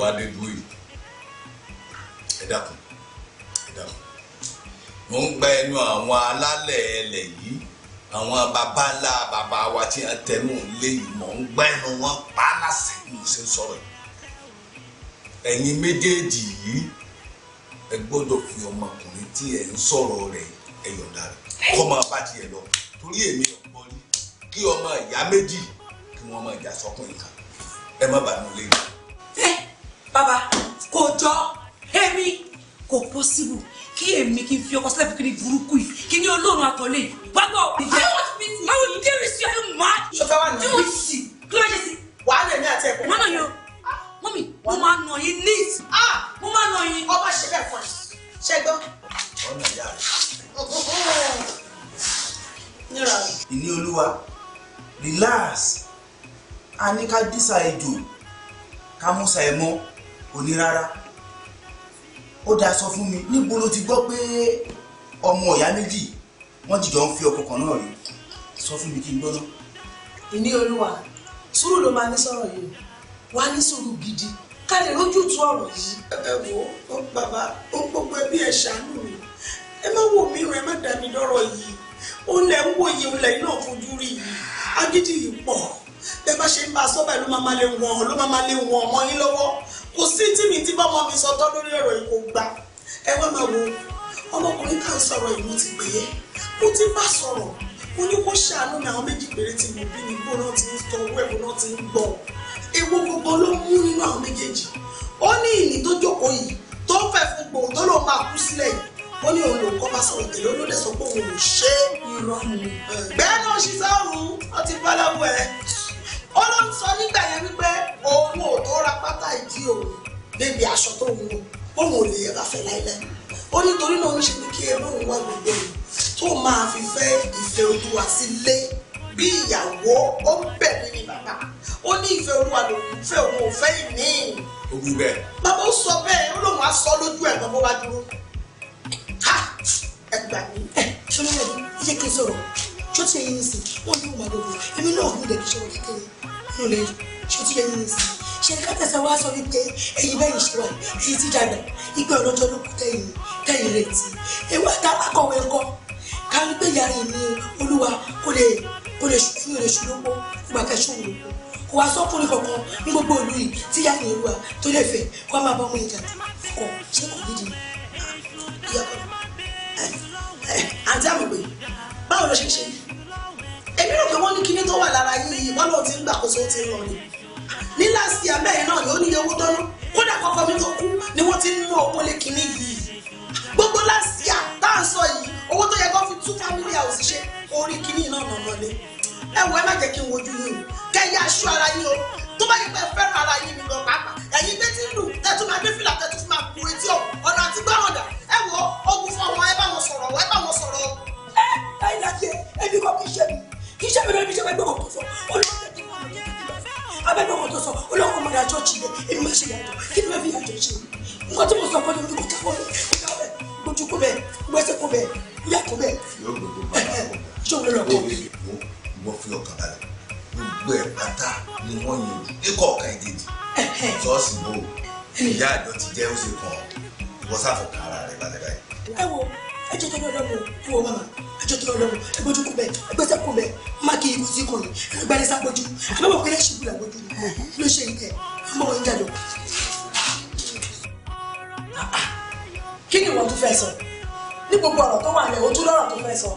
wá dé dúró yìí ẹ dákun ẹ dákun mo ń gba ẹnu àwọn alálẹ̀ ẹlẹ̀ yìí àwọn baba ńlá baba wa tí a tẹnu léyìí mò ń gbá ẹnu wọn pa lásì ní ṣe sọ̀rọ̀ ẹ̀yin méjèèjì yìí ẹ gbọ́dọ̀ fi ọmọkùnrin tí ẹ ń sọ̀rọ̀ rẹ̀ ẹ rẹ̀ kọ́ máa bá tiẹ̀ lọ torí èmi ọ̀pọ̀ ni kí ọmọ ìyá méjì kí wọ́n máa jà sọ́kùnrin kan ẹ má bàánú léyìí.
Baba, kò jọ èmi kò pọ́sibù kí èmi kí n fi ọkọ sílẹ̀ fún kíni burúkú yìí kí ni olóòrùn àtọ̀lé yìí gbàgbọ́ ìjẹ́ báwo ni dé rìsí ẹni mọ́ ṣọfẹ́ wà nínú ìṣì kí ló ṣe sí. wàá lè ní àti ẹ̀kọ́. mọ́nà yóò mọ́mì mo máa nà yín neat ah! mo máa nà yín. ọba ṣe bẹ́ẹ̀ fún ẹ ṣe gbọ́.
ọ̀nà ìyá rẹ̀. ìní olúwa relax a ní ká dísà ejò ká mú sa ẹ̀ mọ́ òní rárá ó dáa sọ fún mi níbo ló ti gbọ́ pé ọmọ ọ̀yá méjì wọ́n jìjọ ń fi ọkọ̀ kan náà rí
sọ fún mi kí n gbọ́ náà. ìní olúwa sùúrù ló máa ní sọ̀rọ̀ yìí wàá ní sùúrù gidi ká lè rójú tu ọ̀rọ̀ yìí. ẹ wo bàbá ó gbogbo ẹbí ẹ ṣàánú mi ẹ má wò mí rẹ má dà mí lọ́rọ̀ yìí ó lẹ ń wò yìí ó lẹ náà fojú rí yìí agídí yìí pọ̀ bẹ́ẹ̀ bá ṣe ń bá a sọ́bà ló máa ma lè wọ̀n ló máa ma lè wọ̀n ọmọ yín lọ́wọ́ kò sí tí mi ti bá ọmọ mi sọtọ́ lórí ọ̀rọ̀ yìí kò gbà ẹ wá máa wo ọmọkùnrin kan sọ̀rọ̀ ìmú ti pè é kó ti bá sọ̀rọ̀ ó ní kó ṣàánú ní àwọn méjì péré tí mo bí ní igbó náà ti ń tọ owó ẹ̀kọ́ náà ti ń gbọ́ ewu gbogbo ló mú nínú àwọn méjèèjì ó ní ìní tó jókòó yìí tó fẹ́ fún gbòó tó lóun máa kú sílẹ̀ yìí ó ní òun lòun kọ́ bá sọ̀rọ̀ tẹ̀lé ó ló dẹ̀ sọ pé òun ò ṣe é. bẹ́ẹ̀ náà ṣiṣẹ́ òun ó ti bá lọ́wọ́ ẹ̀ ó ló ń sọ nígbà yẹn wípé òun ò tó ra pátá ìdí òun débi aṣọ tó ń wọ òun ò lè yẹra fẹ́ láíláí ó nítorí náà ó ṣe ní kí ẹrú òun wá gbogbo rẹ̀ tó máa fi fẹ́ ìfẹ́ olúwa sílé bí ìyàwó ó ń bẹ̀ nínú bàbá ó ní ìfẹ́ olúwa lòun fẹ́ òun ò fẹ́ ìní. ogun bẹ́ẹ̀. bàbá ó sọ bẹ́ẹ̀ ó lóun á sọ lójú ẹ̀ bàbá wa dúró. ẹ gbà mí ẹ ṣọlá yẹ kí n sọ̀rọ̀ ṣó ti ẹyin nísìn wọn ní òun àdógún èmi náà ní ìdẹ̀kí ṣọwọ́ kékeré nínú lẹ́yìn ṣó ti ẹyin nísìn ṣe ní wá sọ wípé ẹyin bẹ́yìn ṣe wà èyí ti dàgbà ìgbẹ́ ọlọ́jọ́ ló kú tẹ̀yìn tẹ̀yìn rẹ̀ tì ewu àtàwọn akọ̀wé ńkọ́ kárí pé ìyá rẹ̀ ní olúwa kò lè kò lè ṣubú lè ṣubú ìgbà kẹṣù òun lòkù kò wá sọ́kùnrin kankan ní gbogbo ìlú yìí tí ìyá rẹ̀ tó lè fẹ́ kó a máa bọ́ ọmọ ìjà kọ ṣé kò dídì ah, ìyá kọ́ eh, eh, àti àmọ̀ báwo ló ṣe ṣe yìí
èmi rò pé wọ́n ní kíní tó wà lára yín
yìí wọ́n náà ti ń gbàkóso ti ń lọ ni ní láti abẹ́yìn náà ni ó níye owó dáná kódà kọ́kọ́ mi tó kú ni wọ́n ti ń mú owó lé kíní yìí gbogbo láti à tá à ń sọ yìí owó tó yẹ kó fi tú family house ṣe orí kíní náà nà mọ́lé ẹ wọ ẹ má jẹ́ kí n wojú yín o kẹ́ yá aṣọ ara yín o tó bá yẹ pé fẹ́ràn ara yín mi lọ pàápàá ẹ̀yin gbé tí ń lù tẹ̀tún máa gbé fìlà tẹ̀tún máa kú etí ọ̀ ọ̀nà àti gbọ́rọ̀dà ẹ wọ ogun fún ọmọ ẹ bá wọn sọ̀rọ̀ ẹ bá wọn sọ̀rọ̀ ẹ ẹ ìlàjẹ ẹbí kọ́ kí ṣe mi kì í ṣàbẹ̀rẹ̀ ibi ìjọba ẹgbẹ́ ọ̀tọ̀ sọ abẹ́gbẹ́ ọ̀tọ̀ sọ olóńgbò mi ra chọ́ọ̀chì rẹ̀ máa ṣe yàtọ̀ kí ni wọ́n fi yàtọ̀ ṣe nǹkan tí mo sọ fọ́dọ̀ mi kò jáwọ́ mi kò gbójú kó bẹ́ẹ̀ gbẹ́sẹ̀ kó bẹ́ẹ̀ yà bẹ́ẹ̀
ṣé òun lọ kọ́. wọ́n fi ọkàn balẹ̀ gbogbo ẹ̀ pátá ni wọ́n yàn ikọ̀ ọ̀ka ìdèjì ṣọ́ọ̀ṣì bò ìyá àjọ ti jẹ́ ó ṣe kàn wọ́n sáfọ̀ kan rẹ̀ balẹ̀ báyìí.
ẹ wo ẹjọ́ tó lọ́dọ̀ mọ̀ fún ọ mama ẹjọ́ tó lọ́dọ̀ mọ̀ ẹgbẹ́jú kú bẹ́ẹ̀ ẹgbẹ́sẹ̀ kú bẹ́ẹ̀ má kí ikú sí kùnrin ẹgbẹ́rẹ́ sábójú àbẹ̀wò pé ẹ̀ṣin bùrà bójú ló ṣe ìtẹ̀ mọ̀ ń jàdọ̀. kí ni ìwọ tó fẹ́ sọ ní gbogbo ọ̀rọ̀ tó wà lẹ̀ ojú lọ́rọ̀ tó fẹ́ sọ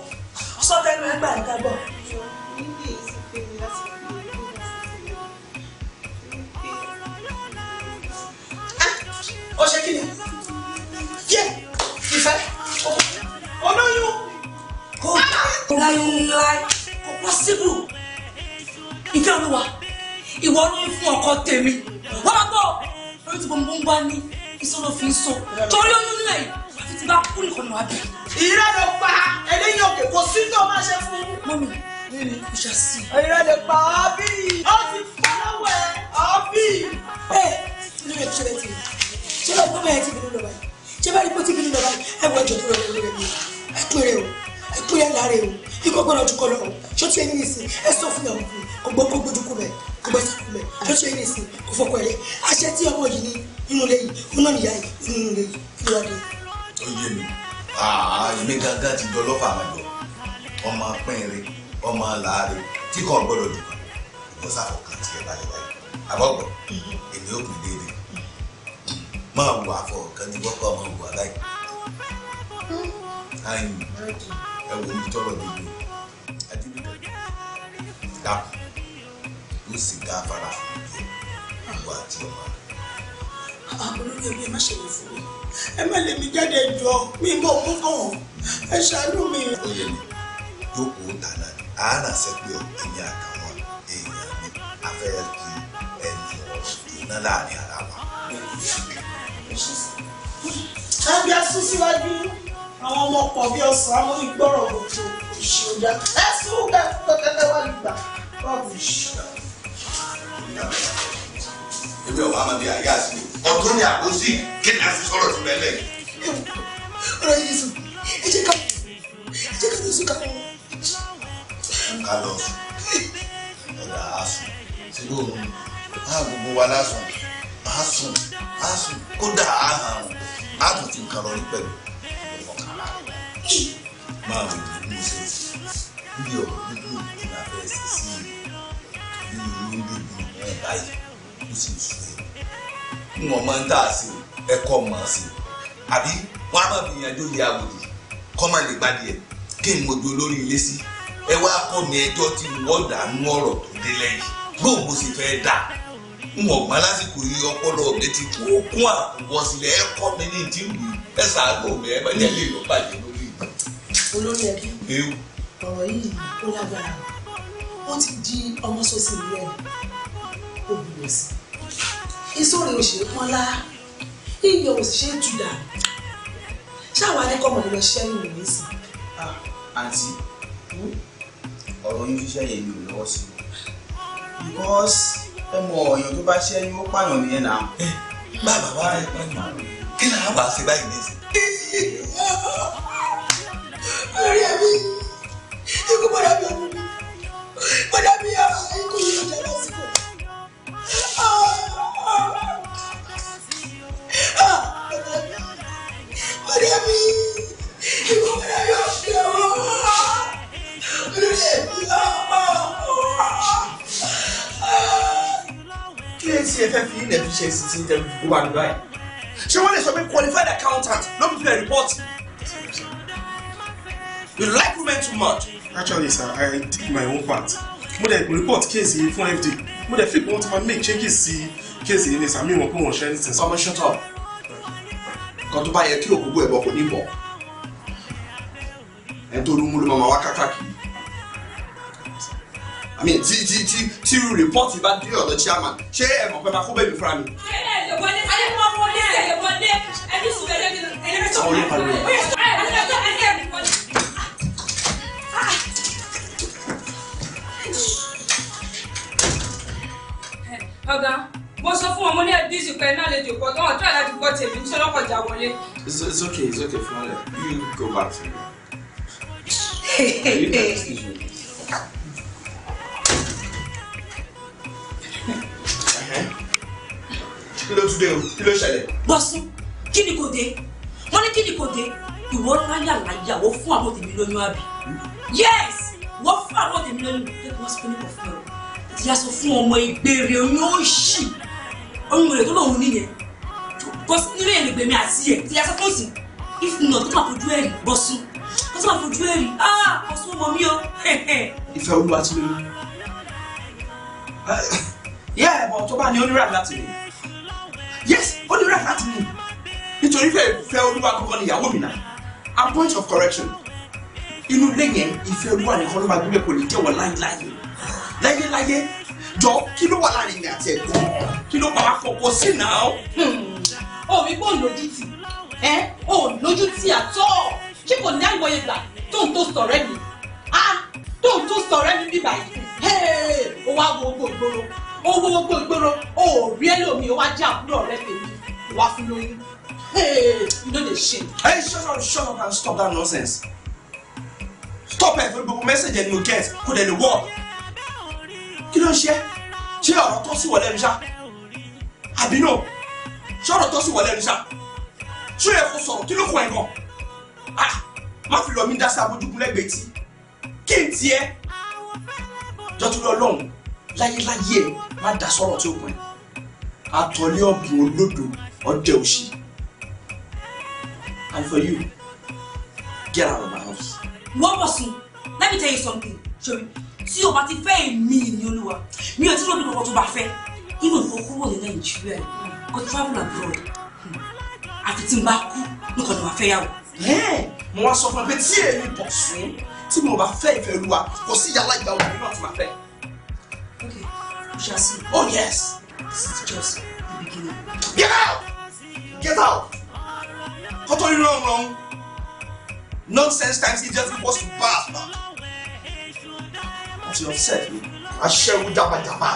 sọ fẹ́nu ẹgbà ẹ̀ka ah, ó ṣe kí ni yé ìfẹ́ ó olóyún kò ah! láíláí
kò pọ́síbù ìfẹ́ olúwa ìwọ olóyún fún ọkọ tèmi wọ́n bá bọ̀ lórí tí gbogbo ń bá ní ìṣòro fi ń sọ torí oyún nílẹ̀ yìí
àfi ti bá kú nìkan náà bẹ̀. ìrẹ́ ló pa eléyìí òkè kò sí tó máa ṣe fún. mọ́mi mi ni kò ṣe sí. ìrẹ́ ló pa á bí. ó ti kọ́ lọ́jú kọ́ lọ́rùn ṣó ti ẹni nìsín ẹ sọ fún ìyàwó mi kò gbọ́ kó gbójú kú bẹ̀ kò gbọ́ sí kú bẹ̀ ṣó ti ẹni nìsín kò fọkọ ẹ̀rẹ́ àṣẹ tí ọmọ yìí ní inú ilé yìí inú ìyá yìí inú ilé yìí kí wá dé.
oyè mi ah, èmi gángan ti dán lọ́fà àjọ ọmọ pẹ́ẹ́rẹ́ ọmọ làárẹ̀ tí kò gbọ́dọ̀ dùn kó ẹ wo mi tọrọ mi dákú yóò sì dá afárá fún mi ìwà àti ọmọ rẹ.
Ah, ah, olórí ẹbí ẹ má ṣe lè fún mi ẹ má lè mi jáde jọ mi bọ mú ẹ ṣàánú mi. oyè mi
jókòó tànà àárọ̀ sẹ́pẹ́ ẹ̀mí àtàwọn èèyàn mi afẹ́rẹ́ kí ẹnu ìná láàrin ara wa.
tàbí a sún àwọn ọmọ ọkọ̀ bí ọ̀sán àwọn ìgbọ́rọ̀ òjò ìṣòdà ẹ sùn kẹ́kẹ́kẹ́ wá gbà rọ́bìṣì.
èmi ò wá máa bí àyà sí ọdún ní àkóso kí ni a fi sọ̀rọ̀ sí bẹ́ẹ̀ lẹ́yìn.
ọ̀rọ̀ yìí sùn ẹ jẹ́ ká ẹ jẹ́ ká lọ sùn ká lọ.
ká lọ sùn ọ̀dà á sùn síbí òun á gbogbo wa lásùn á sùn á sùn kódà á hàn án á tún ti nǹkan lọ rí pẹ̀lú akyi máa wò ó ní ṣe bí ọ̀rọ̀ dúdú òkú náà fẹ́ ṣe sí i bí irú ń dùn ní ìwọ̀n báyìí ó sì sùn ẹ̀ ń wọ́n máa ń tà sí ẹ̀kọ́ máa sí àbí wọ́n á máa fi ìyànjú ìyá àwòdì kọ́ máa lè gbádìí ẹ̀ kí n mojú olórí ilé sí ẹ wá kọ́ mi ẹjọ́ tí wọ́n dà ọ̀rọ̀ tó dé lẹ́yìn lóò mo sì fẹ́ dà wọn gbọ́n lásìkò yìí ọpọlọ mi ti kó kún àkùnwọ́sílẹ̀ ẹ mi ní ìdí ìlú
olórí ẹbí ọ̀rọ̀ yìí ó lágbára ó ti di ọmọ sọ́sì ilé ẹ̀ ó bùrọ̀ sí ìsọ̀rọ̀ òṣèré pọ́nlá iyọ̀ òṣìṣẹ́ jùlá ṣáwa ní kọ́mọ̀ lọ ṣiṣẹ́ nínú mi sí. Ah, àǹtí
hmm? ọ̀rọ̀
yín ṣiṣẹ́ yẹn mi ò lọ́wọ́ sí i because ẹ mọ ọ̀yàn tó bá ṣẹ́yìn ó pààyàn nìyẹn náà. Eh, bá bàbá rẹ pààyàn kí làwọn bá ṣe báyìí nìyẹn
ọ̀rẹ́ ah, ah, ah, mi ikú padà bí ọdún mi padà bí ikú yìí ọjà lásìkò. ọ̀rẹ́ mi ikú padà bí ọdún mi ọ̀rẹ́ mi kí lè tiẹ̀ fẹ́ fi inefficiency ti tẹ̀ wá ní báyìí ṣé wọ́n lè sọ pé qualified accountant ló ń fi ẹ̀ report you like women too much. actually sir i did my
own part mo dẹ̀ report case yìí fún fd mo dẹ̀ feel pé wọ́n make changes sí case yìí ní sir mi ò mọ̀ pé wọ́n ṣe ní sísè. ọmọ shut up kan tó bá yẹ kí òkúgbó ẹ̀bọ kò ní bọ̀ ẹ̀ tó mú ló máa wá kákàkiri i mean ti ti ti ti ru report bá dé ọ̀dọ̀ chairman ṣé ẹ mọ̀ pé máa kó bẹ́ẹ̀ mi
fúnra mi.
ayé ẹ̀ lè wọlé ayé máa wọlé ẹ̀ lè wọlé ẹ̀ ní sùn lẹ́lẹ́ ọ̀gá mo sọ fún wọn mo ní ẹbí ìsìnkú ẹ náà lè jòkó ọ̀gá wọn tó àlá ti gbọ́ tèmi tí ọlọ́pàá jà wọlé.
it's okay it's okay fún ọlẹ you go back to me. kí ló tún dé o kí ló ṣẹlẹ̀.
bọ́sùn kí ni kò dé wọ́n ní kí ni kò dé ìwọ ráyà láyà wọ́n fún àwọn tèmi lóyún àbí. Hmm? yes wọ́n fún àwọn tèmi lóyún kí wọ́n sọ pé nípa fún ẹ ìyá sọ fún ọmọ ìgbèrè oyún ó oyún rẹ̀ tó lòun nìyẹn bọ́ sí nílé ìrìngbè mi àti ẹ̀ ìyá sọ fún ìsìn if not tó máa fojú ẹ̀rí bọ́ sún wọ́n tó máa fojú ẹ̀rí ah ọ̀sùn ọmọ mi o.
ìfẹ́
olúwa ti lóyún yẹ ẹ̀bọ̀ tó bá ní onírà láti mi yes onírà láti mi nítorí fẹ́ ìfẹ́ olúwa kọ́kọ́ ni ìyàwó mi náà and point of correction inú lẹ́yìn ìfẹ́ olúwa nìkan ló máa gbé mẹ́kọ̀ọ́ lè jẹ́wọ́ láíláí láyéláyé jọ kí ló wà láàrin mi àti ẹ̀kọ́ kí ló pàwá kọ̀ọ̀kọ̀ sí náà.
Hmm. o mi kò lójú tì ẹ o lójú tì àtọ ṣé kò ní àìmọye gbà tó ń tó sọ̀rọ̀ mi ah tó ń tó sọ̀rọ̀
mi bíbá yìí o wá wo gbogbo ìgboro o wo gbogbo ìgboro o rí ẹlòmíì o wá jẹ́ àbúrò rẹ tèmi o wá fún lóyún. Hey, you know dey shit. Hey, shut up, shut up and stop that nonsense. Stop every message and you get. Could any work? kí ló ń ṣe ṣé ọ̀rọ̀ tó sì wọ̀ lẹ́nu ṣá ṣé ọ̀rọ̀ tó sì wọ̀ lẹ́nu ṣé ẹ kò sọ̀rọ̀ kí ló kọ ẹ̀ gan ah, má fi lọ mí dá sí abojúkun lẹ́gbẹ̀ẹ́ tí kí n tiẹ̀ jọ́túrú ọlọ́run láyéláyé má dá sọ̀rọ̀ tí ó pin
atọ́lé ọ̀bùn olódò ọ̀dẹ òṣì and for you get out of my house.
wọ́n bọ̀ sí let me tell you something sorry tí o bá ti fẹ́ èmi ní olúwa mi ò tí lóbi kankan tó bá fẹ́ inú ìfọ kúrò ní nàìjíríà kò travel abroad hmm. àfi tí n bá kú nìkan ni wàá fẹ́ yàwó.
mo wá sọ fún ẹ pé tí èmi bọ̀ sún tí mo bá fẹ́ ìfẹ́ olúwa kò sí yàrá ìgbà wà nígbà tí màá fẹ́. ok jasi. oh yes. this is just the beginning. get out get out kọ́tọ́ nínú ọ̀rọ̀ nonsense times it just equals to pass. man to yourself pé aṣẹ́wó jábàjábà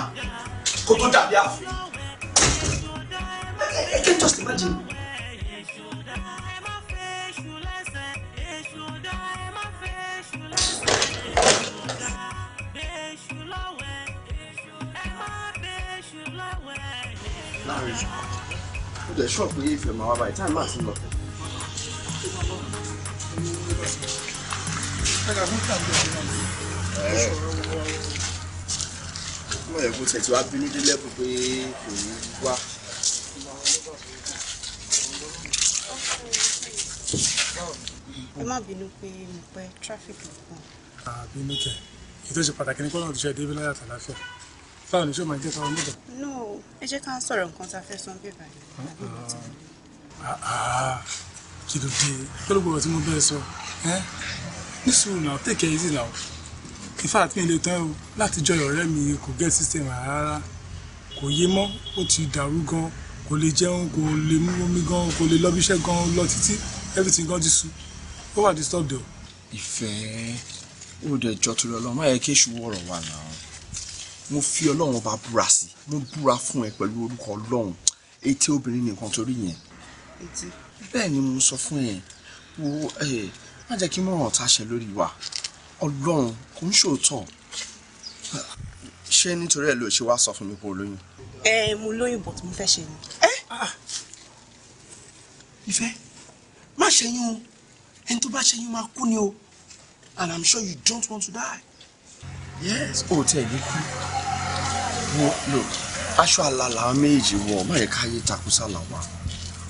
kó tó dàbí àfẹ́ I can just imagine. láàrin ìṣòro ó dẹ̀ ṣọ́ọ̀ pé ìfẹ́ máa wá báyìí táì máa ti lọ.
Thank you mọ̀ yẹ kó tẹ̀ tí wàá bínú dé lẹ́bùn pé kò ní wá. ẹ má
bínú pé mo pẹ́ tráfíkì pọ̀.
àbínú kẹ èyí tó ṣe pàtàkì ní kọ́nà òṣìṣẹ́ débí láyà tàlàfíà fáwọn oníṣòwò máa ń jẹ́ káwọn níbẹ̀.
no ẹ jẹ́ ká sọ̀rọ̀ nǹkan
tá a fẹ́ sọ ń bèbà yìí.
kí ló dé kí ló gbọ́dọ̀ tí mo bẹ́ẹ̀ sọ ẹ́ nísìnyí náà take it easy now in fact mi lè tán o láti jọ ọ̀rẹ́ mi kò get system rárá kò yé mọ́ ó ti dàrú gan kò lè jẹun kò lè mú omi gan kò lè lọ bíṣẹ́ gan lọ títí everything gan ti sú ó wà disturbed o. ìfẹ́ ó dẹ̀ jọ torí ọlọ́run máa yẹ kí èṣù wọ̀rọ̀ wà náà mo fi ọlọ́run ọba búra sí mo búra fún ẹ pẹ̀lú orúkọ ọlọ́run etí obìnrin nìkan torí yẹn bẹ́ẹ̀ ni mo sọ fún ẹ
wo má jẹ́ kí mọ̀ràn ọ̀tá ṣe lórí wa ọlọ́run kò ń ṣòótọ́ ṣé nítorí ẹ ló ṣe wá sọ fún mi pé o lóyún. ẹ mo lóyún bọ̀ tí mo fẹ́ ṣe ni. ẹ ah! ìfẹ́ má ṣẹ́yún o ẹni tó bá ṣẹ́yún máa kú ni o and i'm sure you don't want to die. yes o tẹ̀ ní kú wo lo aṣọ àlàlà méjì wọ̀ ọ́ má yẹ ká yé takusa làwọn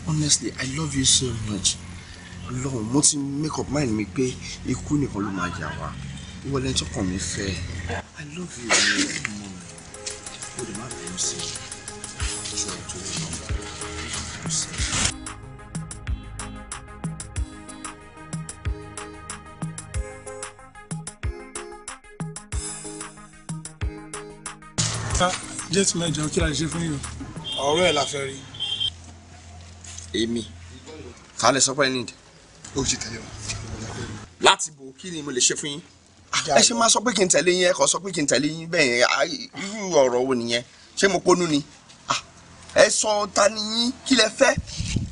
honestly i love you so much lọ́hùn mo ti make up mind mi pé ikú nìkan ló máa yà wá ìwọ lẹ́ni tọkàn mi fẹ́ i love you ọmọ mi o lè má bẹ̀rù sí i ọjọ́ ìtòrí
náà bẹ̀rù sí
i. jẹ́tì ah, mẹ́jọ kí la ṣe fún yín. ọ̀rọ̀ ẹ̀ la fẹ́ rí. èmi kálẹ̀ sọ́pẹ́ nídìí ó sì tẹ̀lé wọn. láti bò kí ni mo lè ṣe fún yín. Ah, ẹ ṣe máa sọ pé kí n tẹ̀lé yín ẹ kọ́ sọ pé kí n tẹ̀lé yín bẹ́ẹ̀ ah, irú ọ̀rọ̀ wo nìyẹn ṣé mo ponú ni ah, ẹ sọ ta ni yín kí lẹ fẹ́.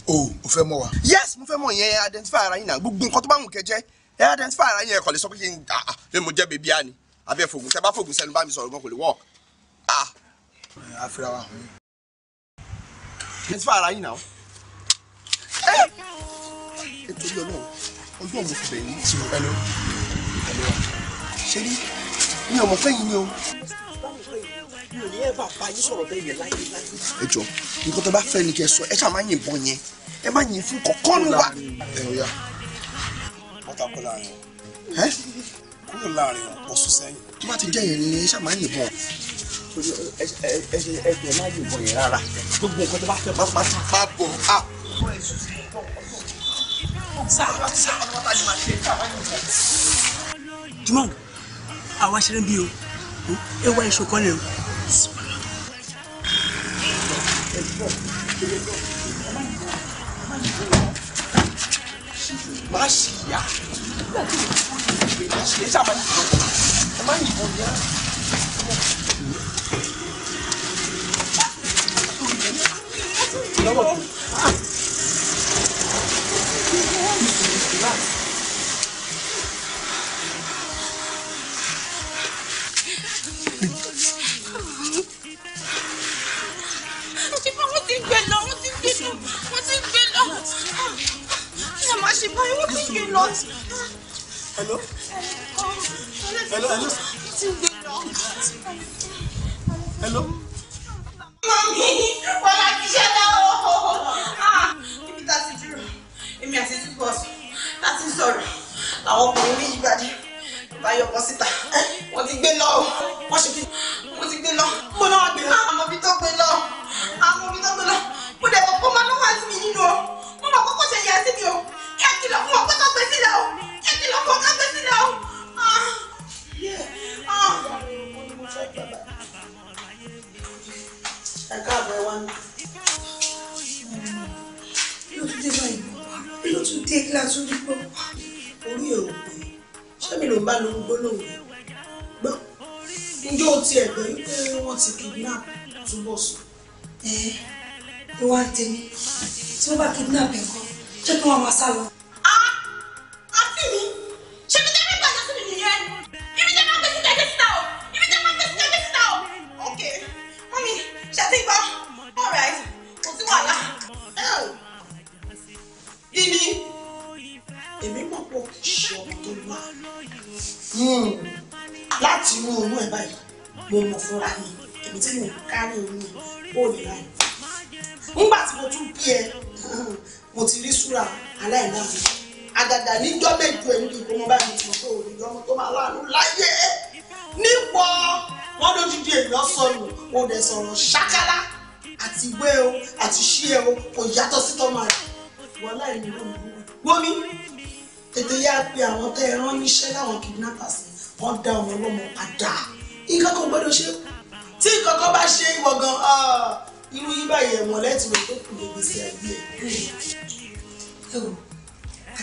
o ò fẹ́ mọ̀ wá. yes mo fẹ́ mọ̀ yẹn identify ara yín náà gbogbo nǹkan tó bá wù kẹ́ jẹ́ ẹ identify ara yín ẹ kò lè sọ pé kí n ah lè mo jẹ́ bèbí àní àbí ẹ fògùn tẹ bá fògùn sẹ́nu bá mi sọ̀rọ̀ gan kò lè work ah. àfihàn wa. identify ara yín náà nítorí ọlọ́run ọjọ́ mo fi bẹ̀yìn tí mo ẹnu àlọ́ ṣe rí mi ò mọ̀
fẹ́ yín ni o. mi ò ní ẹ bá bá yín sọ̀rọ̀ bẹ́ẹ̀ yẹn láyé láyé. ẹ jọ nǹkan tó bá fẹ́ ni kẹ́ sọ ẹ ṣáà má yìnbọn yẹn ẹ má yìn fún kọ̀ọ̀kan wa.
ẹ ò yá mọ́tà kọ́ láàrin wọn kúrò láàrin wọn bọ́ sún sẹ́yìn. tó bá ti jẹ́ yẹn ni ẹ ṣáà má yìnbọn ẹsẹ ẹsẹ má yìnbọn yẹn rárá gbogbo nǹkan tó bá fẹ́ pátá bá bọ̀ á. Ah!
jùmọ̀ àwa ṣeré bí o ẹ wá iṣu kọ́lẹ̀ o. má ṣì yá ẹ ṣe é sábà yìí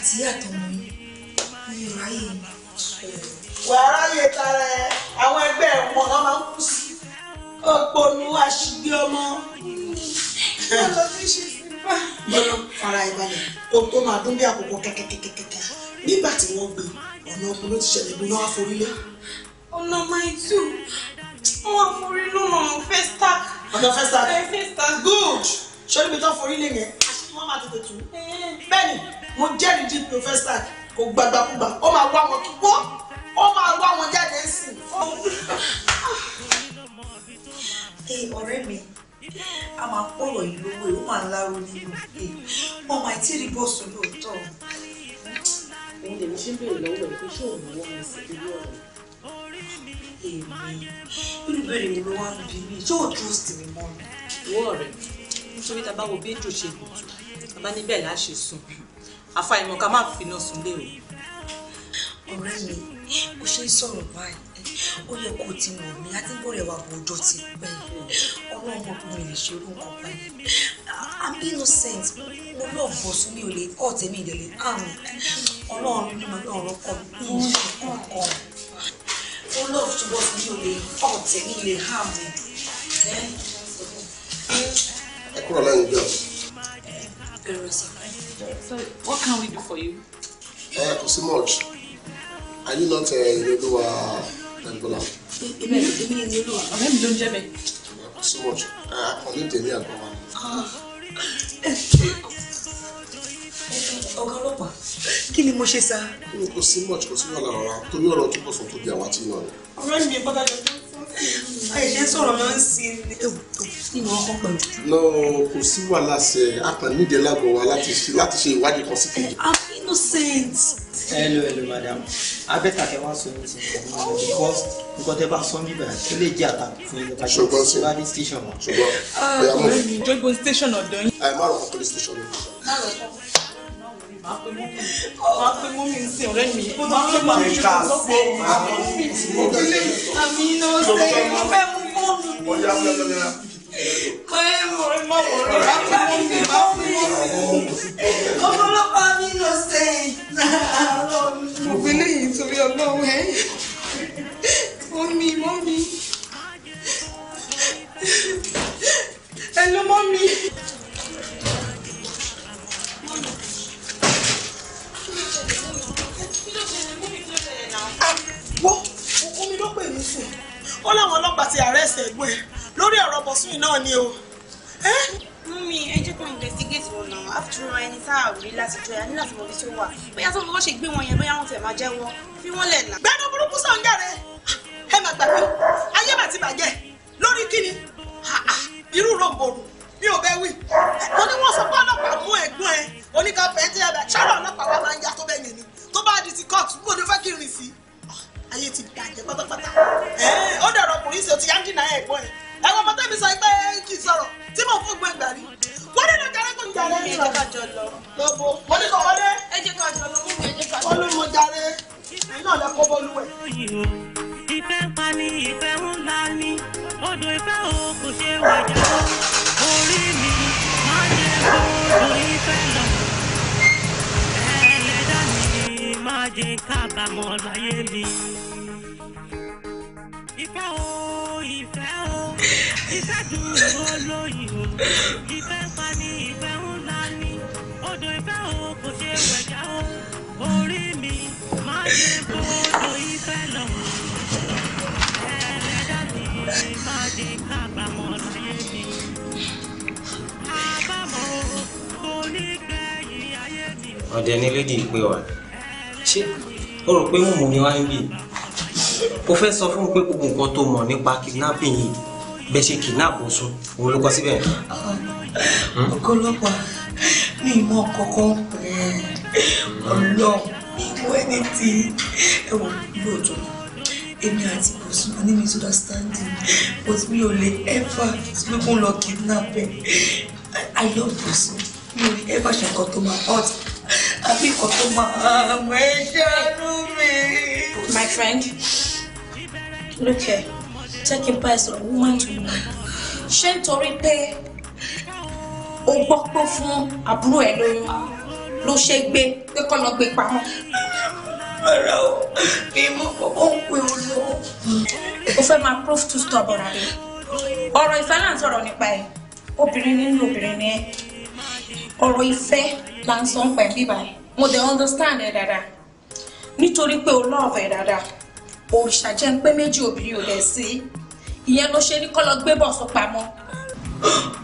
àti ìyá àtọmọ yín ní ìráyè mi. wà á ráyè tara ẹ àwọn ẹgbẹ́ wọn náà máa ń kú sí òpònú àṣìgbé ọmọ. lọ́nà fara ìbalẹ̀ tó tó máa dún bí àkókò kẹ́kẹ́kẹ́kẹ́kẹ́ nígbà tí wọ́n gbé ọ̀nà ọkùnrin ló ti ṣẹlẹ̀ gbóná wá forí lé. ọ̀nà maitu wọ́n forí lọ́nà festac. ọ̀nà festac eh, good ṣé níbi tó forí lé yẹn àṣírí wọn máa tètè tù. Eh. bẹ́ẹ̀ ni mo jẹ́rìí di professor kò gbàgbàkúgbà ó máa wá wọn kí ó máa wá wọn jáde sí i. ọ̀rẹ́ mi a máa pọ̀rọ̀ yìí lówó ó máa ń láró nínú wọn máa tí rí bọ́ọ̀sì lóòótọ́. òun lèmi ṣe ń béèrè lọ́wọ́ ẹ̀ pé ṣé òun wọ́n mi sí ilé ọ̀rọ̀ èmi
olùbẹ̀rẹ̀ mi ló wá ń bí mi tó trust mi mọ́ mi. ìwọ ọ̀rẹ́ nítorí tá a bá wo bí ètò ṣe gùn tó a bá níbẹ̀ láṣẹ sùn àfàìmọ̀ ká má finá sunlé o. ọ̀rẹ́ mi ó ṣe ń sọ̀rọ̀ báyìí ó yẹ kó ti mọ̀ mí láti bọ̀rẹ̀ wa bọ̀ ọjọ́ ti pẹ́ ọ̀rọ̀ ọmọkùnrin lè ṣe orúkọ báyìí i'm innocent mo lọ bọ̀ sún mi ò lè kọ́ tẹ̀mí ìdẹ̀lẹ̀ àmì ọlọ́run ní màá lọ́rọ̀ kọ́ mi ní ìṣẹ̀kọ̀ọ̀kan ó lọ túbọ̀ fún mi ò lè kọ́ tẹ̀mí ìlẹ̀ àmì
ẹ kúrò lẹ́yìn jọ.
ẹ̀rọ So, what can we do for you?
Uh, kò much. Are you not Ìrẹ́lúwa Dàgbọ́lá?
Ibẹ̀ èmi ni Ìrẹ́lúwa. Ọ̀rẹ́ mi ló ń jẹ́ bẹ́ẹ̀.
Kò sí much. Ọ̀nì eh, tèmi àgbà wa.
Ah.
Ọ̀gá ọlọ́pàá, kí ni mo
ṣe sá? Kò sí much kò sí wàhálà rárá torí ọ̀rọ̀ tó bọ̀ sọ tó di àwátì náà.
Ọ̀rẹ́ mi bọ́dá jẹ́
lọ kò sí wàhálà sẹ apàníjẹ lágọ̀ wa láti ṣe ìwádìí kan sí kejì.
Eh, I'm innocent.
hello hello madam abẹ́tàkẹ́ wá sọ ní ìsìn ìgbàlódé because nǹkan tẹ́ bá sọ ní ibà tó lè jẹ́ àtàkùn fún ilé pàṣẹ ṣùgbọ́n sí wádìí station wa. ṣùgbọ́n ọ̀rẹ́ mi
jogbon station ọ̀dọ́ yín. ẹ má rọ̀ kọ́ police station. má rọ̀ kọ́ máa pe mọ́mí máa pe mọ́mí ń sin ọ̀rẹ́ mi
máa pe mọ́mí ń sọ pé máa pe mọ́mí ń sin ilé
àmì iná ṣe mo fẹ́ mú fóònù mi pé mo rí mọ́wọ́ rẹ̀ máa pe mọ́mí
máa pe mọ́mí
ọmọlọ́pàá mi ń pé ń mú mi wá ń bì fẹ́ sọ fún un pé gbogbo nǹkan tó mọ̀ nípa kidnapping yìí bẹ́ ṣe kidnap oṣù òun ló kọ síbẹ̀.
Hmm? ọ̀gọ́lọ́pàá ní ìmọ̀ kọ̀ọ̀kan ọlọ́ọ̀
mi ẹni tí ẹ̀wọ̀n lóòótọ́ èmi àti bọ̀sùn ní
misunderstanding but mi ò lè ever sọ pé lọ kidnap ẹ i love bọ̀sùn mi ò lè ever ṣe nǹkan tó máa hurt àbí nǹkan tó máa mọ ẹ ṣáà friend. Look here, jẹ́ kí n bá ẹ sọ̀rọ̀ woman to woman. Ṣé nítorí pé o gbọ́ pé fún àbúrò ẹ lóyún ló ṣe gbé pé kọ́ lọ gbé pamọ́? Rárá o, mi mọ̀ kókó ń pè ó lọ. O fẹ́ máa prove too stubborn rẹ̀. Ọ̀rọ̀ ìfẹ́ là ń sọ̀rọ̀ nípa ẹ̀. Obìnrin nínú obìnrin ni ẹ. Ọ̀rọ̀ ìfẹ́ là ń sọ ń pẹ̀ bíbá ẹ̀. Mo dẹ̀ understand ẹ dáadáa nítorí pé o lọ́ọ̀fù ẹ̀ òrìṣà jẹ́ ń pé méjì obìnrin ò lẹ̀ sí ìyẹn ló ṣe ní kọ́ lọ gbé bọ̀sùn pamọ́.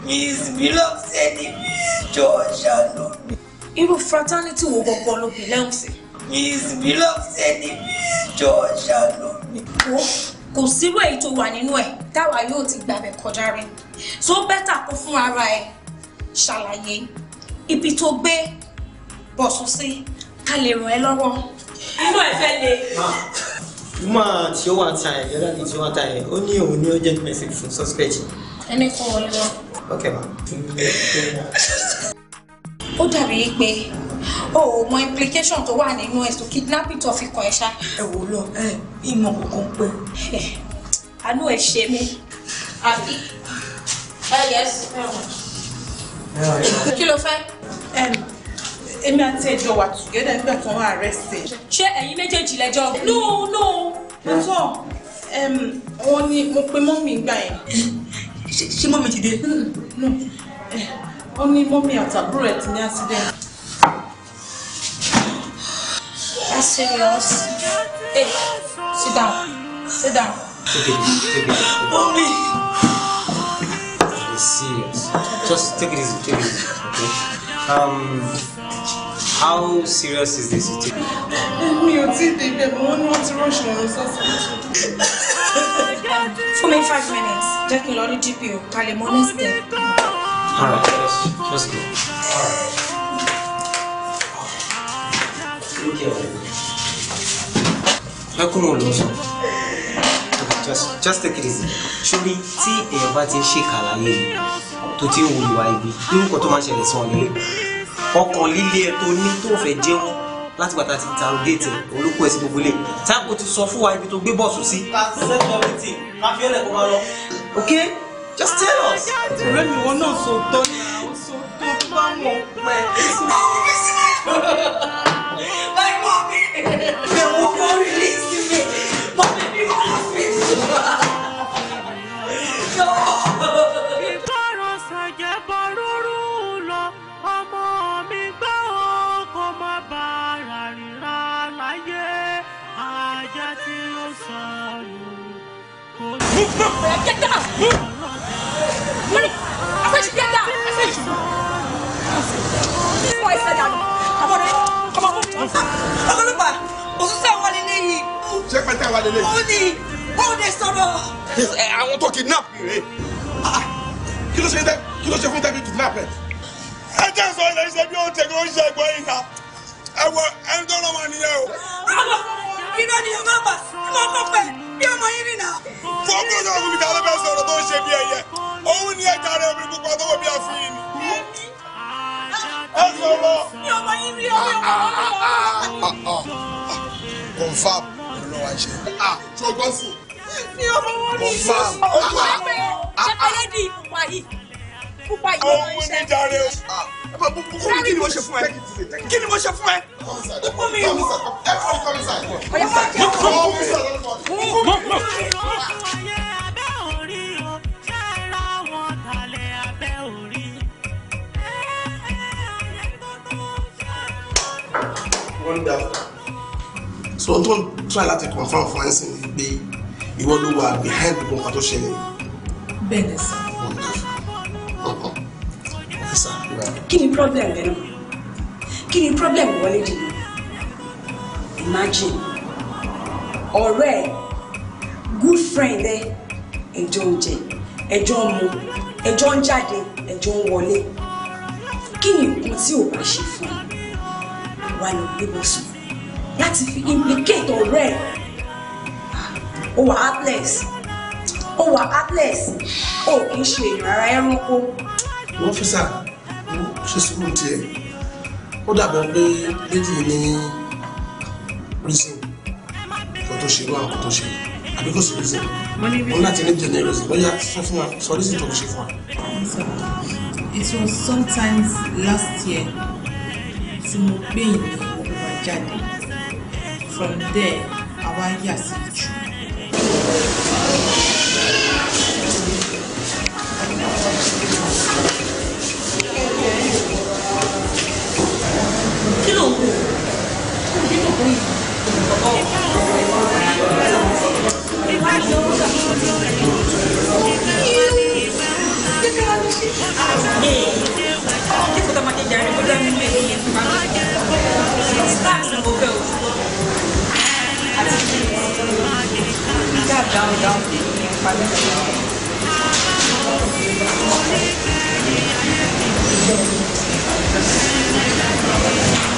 miss bilop ṣe ni mi jọ ṣàánú mi.
irú fraternity wo gbogbo ló bí lẹ́hùn
miss bilop
ṣe ni mi jọ ṣàánú mi. kò sírú èyí tó wà nínú ẹ̀ táwa yóò ti gbàgbẹ́ kọjá rẹ̀ tó bẹ́tà kó fún ara ẹ̀ ṣàlàyé ibi tó gbé bọ̀sùn sí ká lè ràn ẹ́ lọ́wọ́ inú ẹ̀ fẹ́ le.
Uma tí ó wà ta ẹ̀ yọ̀dá kì í tí ó wà ta
ẹ̀ ó ní òun ní ó jẹ́ domestic fún suspect.
Ẹni kọ́ wọlé wá. Ok ma. Ó dàbí pé o ò mọ implication tó wà nínú ẹ̀sùn kidnapping tó fi kàn ẹ́ ṣá. Ẹ wò lọ, ẹ ìmọ̀ kankan pé. Eh, àánú ẹ̀ ṣe mí. Àbí. Ah, ẹ yẹ ẹ sí fẹ́ràn. Kí ló fẹ́? èmi àti ẹjọ́ wà together nígbà tí wọ́n arrested. ṣé ẹ̀yin méjèèjì lẹ́jọ́ no no. lọ́tọ̀ wọ́n ní mo pe mọ́mì gbà yẹn. ṣé mọ́mì ti dé. Hmm, hmm, hmm. Eh, wọ́n ní mọ́mì àtàbúrò ẹ̀ ti ní accident. I'm serious. Hey, eh, sit down. Sit down.
Take it easy. Take it easy. Mommy. I'm serious. Just take it easy. Take it easy. Okay. Um, how serious is this situation? take?
Mi ò tí dé ibẹ̀, mo ní wọ́n ti rush wọn lọ sọ́sibítù. Fún mi five minutes, jẹ́ kí n lọ rí GP o, kalẹ̀ mọ́ next day.
All right, let's go. Alright, right. Look here. Ẹ kún lọ sọ just
take it easy ṣórí tí èèyàn bá ti ń ṣèkà láyé yìí tó ti ń wo ìwà ibi irú nǹkan tó máa ń ṣẹlẹ̀ sí wọn ni ọkàn líle ẹ̀ tó ní tó fẹ́ jẹ́wọ́ láti bàtà ti ta géètì olóko ẹ̀ sí gbogbo ilé táàpù ti sọ fún wa ibi tó gbé bọ́ọ̀sù sí. ká sẹ́kọ̀ọ́ mi tì ká fi ẹ̀lẹ̀ kó máa lọ. ok just tell us. ọ̀rẹ́ mi wọn náà sọ tọ́ ni àwọn
sọ tó bá wọn
pẹ́
nǹkan tó ṣẹlẹ̀.
bẹ́ẹ̀ ni problem rẹ náà kí problem wọlé di? náà imagine ọ̀rẹ́ good friend ẹ ẹjọ́ ń jẹ ẹjọ́ ń mu ẹjọ́ ń jáde ẹjọ́ ń wọlé
kí ni nǹkan tí ò bá ṣe fún ẹ wà lọ gbé sùn láti fi implicate ọ̀rẹ́ ẹ ah, ó wà helpless atlas ò kì í ṣe èèyàn ara ẹranko.
wọ́n fi sà ṣe sùúrù tiẹ̀ ó dàbọ̀ pé lẹ́jì ní
reason kò tó ṣe wá kò tó ṣe àbí kò sí reason wọ́n láti ní jẹ̀nẹ̀ reason lọ́yà sọ fún wa sọ reason tó ṣe fún wa.
it was sometimes last year tí mo gbé ìlú wa jáde from there àwa yà sí ìjù. You I
Down, down, down.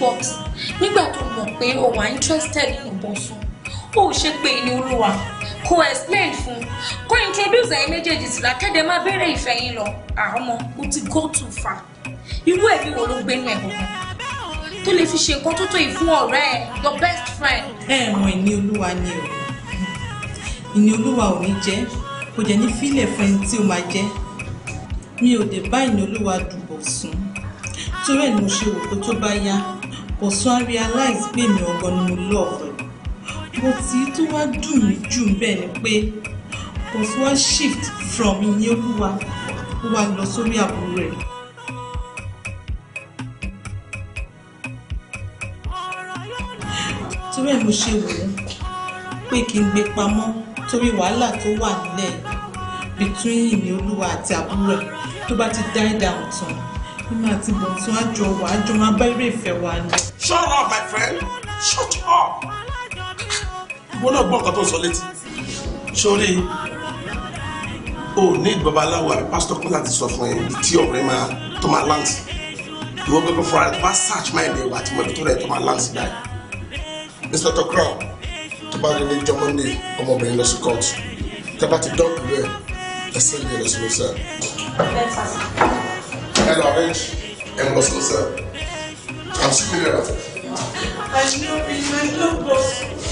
box pé o wà interested nínú bọ́sùn ó ṣe pé ìní olúwa kò explain fún kò introduce ẹ̀yin méjèèjì sí lákẹ́dẹ̀ má béèrè ìfẹ́ yín lọ àmọ́ o ti go too far irú ẹ̀mí wo ló gbénu ẹ̀ gbọ̀ngàn tó lè fi ṣe nǹkan tó tó yìí fún ọ̀rẹ́ ẹ̀ your best friend. ẹ mọ ìní olúwa ni o ìní olúwa ò ní jẹ kò jẹ ní fílẹ̀ fún ẹni tí o máa jẹ mi ò dé bá ìní olúwa dùbọ̀ sùn torí ẹ̀ ni mo ṣe wò kó tó bá yá but
so I realize pé mi ọgbọ́n ni mo love mo ti tó wá dùn mí jù bẹ́ẹ̀ ni pé kò wá shift from ìyẹn olúwa ó wá lọ sórí àbúrò rẹ̀. torí ẹ̀ mo ṣe wò ó pé kí n gbé pamọ́ torí wàhálà tó wà nílẹ̀ between ìyẹn olúwa àti àbúrò rẹ̀ tó bá ti die down nínú àti bọ̀tún àjọ wà àjọ máa bá eré ìfẹ́ wa ni. shut
up my friend shut up. ìwọ náà gbọ́ nǹkan tó ń sọ létí sórí o ní babaláwo àbí pásítọ̀ kan láti sọ fún ẹ tí ọ̀rẹ́ máa tó máa láǹtì ìwọ gbẹgbẹ fúnra rẹ bá search mind ẹ wà tí mo ibi tó rẹ tó máa láǹtì báyìí mr tokrow tó bá rí ní ìjọ monday ọmọbìnrin lọ sí court tẹ́ bá ti dán ìlú ẹ ẹsẹ̀ ìyẹn lọ sí lọ
sẹ́ẹ̀
ahead of it and was concerned. I'm screaming at it.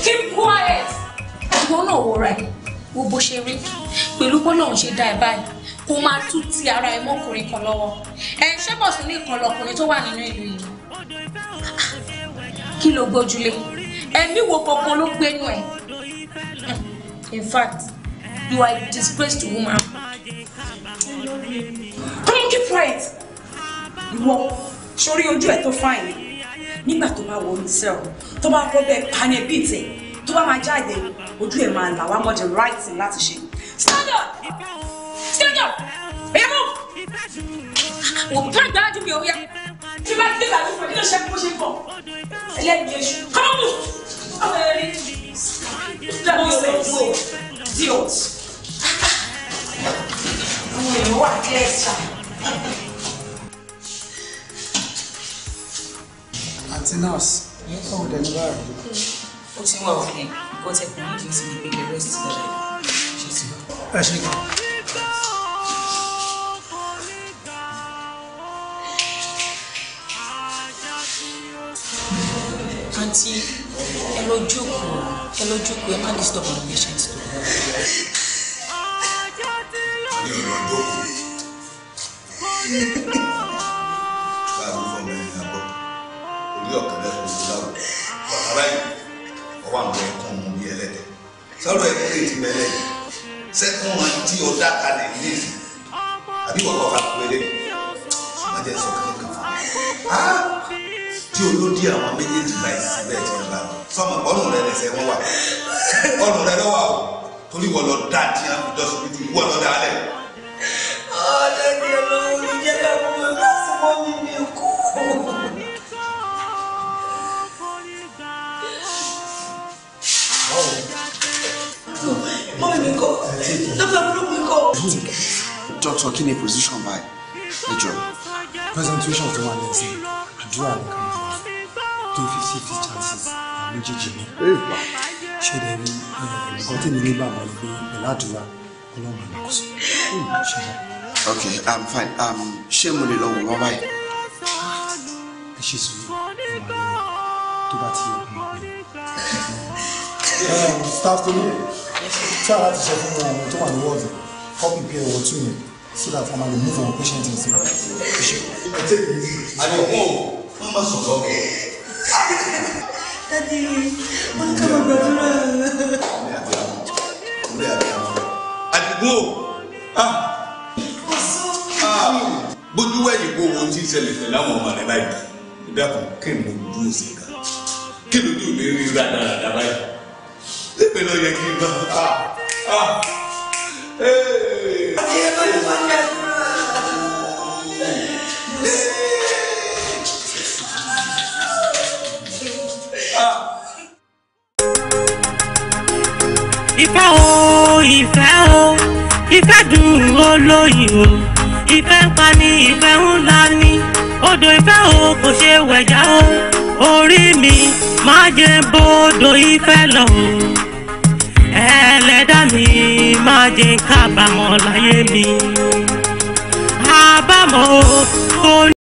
Keep quiet. Ìwọ náà wo ra ẹ̀, wo bó ṣe rí, pẹ̀lú bọ́lọ́run ṣe dá ẹ báyìí, kó máa tú ti ara ẹ mọ́kùnrin kan lọ́wọ́. Ẹ ṣé bọ̀ sí ní ìkan lọkùnrin tó wà nínú ìlú yìí. Ah, kí ló gbójúlé? Ẹ̀mí wo kankan ló gbénu ẹ̀? In fact, you are a disgraced woman. Come on, keep quiet ìwọ sórí ojú ẹ tó fáìn nígbà tó máa wọ ní sẹ́ọ̀ tó bá kọ́ bẹ́ẹ̀ panẹ́ bíi tẹ̀ tó bá máa jáde ojú ẹ máa là wá mọ́ the right thing láti ṣe. stand up stand up ẹ̀yà mọ́ òkúta ìgbàlódé mi ò yẹ tí bá dé ìgbàlódé mi ò ṣe bó ṣe bọ̀ ẹlẹ́yìn oṣù kọ́mọ́mù ọmọ ẹ̀rí lẹ́mọ̀ ìṣẹ̀ ìwé idiot àwọn èèyàn wà kẹ́ẹ̀ṣà. àti nurse ó dẹ̀ ní báyìí. ó ti wà òkè kó tẹ kàn nídìí sí ní pípẹ́ rest dada ṣe ti wà. ẹ ṣe kàn. àǹtí ẹ lọ jókòó ẹ lọ jókòó ẹ má disturb our patient ní
ọ̀nà ìjókòó. báyìí ọwọ́ àwọn ẹ̀kún ọmọ bíi ẹlẹ́dẹ̀ sọ́dọ̀ ẹ̀kún lè ti bẹ̀rẹ̀ sẹ́kún wọn tí o dá kalẹ̀ ní èsì àbí wọ́n kọ́ ka péré má jẹ́ sọ kí n kà fún mi tí olódì àwọn méjèèjì láì sí bẹ́ẹ̀ tí wọ́n bá sọmọ ọrùn rẹ lẹsẹ̀ wọn wà ọrùn rẹ lọ́wọ́ torí wọ́n lọ dá tí wọ́n lọ dá lẹ̀
lọ doctor kí ni position báyìí ẹ jọ.
presentation tó wà lẹ́sìn àdúrà ní kan fún wa tó fifty fifty chances àwọn méjèèjì ni. ṣé dẹ̀ ni eh, nǹkan tí mi ní
bàbá mi gbé pẹ̀lú àdúrà ọlọ́run
àlàkóso ṣe mọ́.
ok i'm fine
um, ṣé mo lè lọ wò wọ́n báyìí. ẹ ṣe sùúrù ẹ máa
lọ tó bá ti um, staff tó ní try láti ṣe fún wọn àwọn tó wà ní wọ́ọ̀dù copy pay ọwọ́ so that wọn máa lè move on patient in sí i. ẹ tẹ́ mi go home. ò wọ́n máa sọ̀rọ̀ ọ́. dadi wọn kà máa gbàdúrà. àdìgún o bójú wẹ̀yìn kó ohun tí ń ṣẹlẹ̀ pẹ̀lú àwọn ọmọ rẹ báyìí ìdáàbò kí ni mo dúró i kan kí ló dé òní rí rádaràdà báyìí lèmi ló yẹ kí n bá a. Ah, ah.
ìfẹ́ o ìfẹ́ o ìfẹ́ dùn olóyè o ìfẹ́ ń pa ni ìfẹ́ ń la ni odò ìfẹ́ o kò ṣe wẹ̀já o orí mi má jẹ́ bọ́dọ̀ ìfẹ́ lọ ẹlẹ́dàá mi má jẹ́ kábàámọ̀ láyé mi àbámọ̀ o.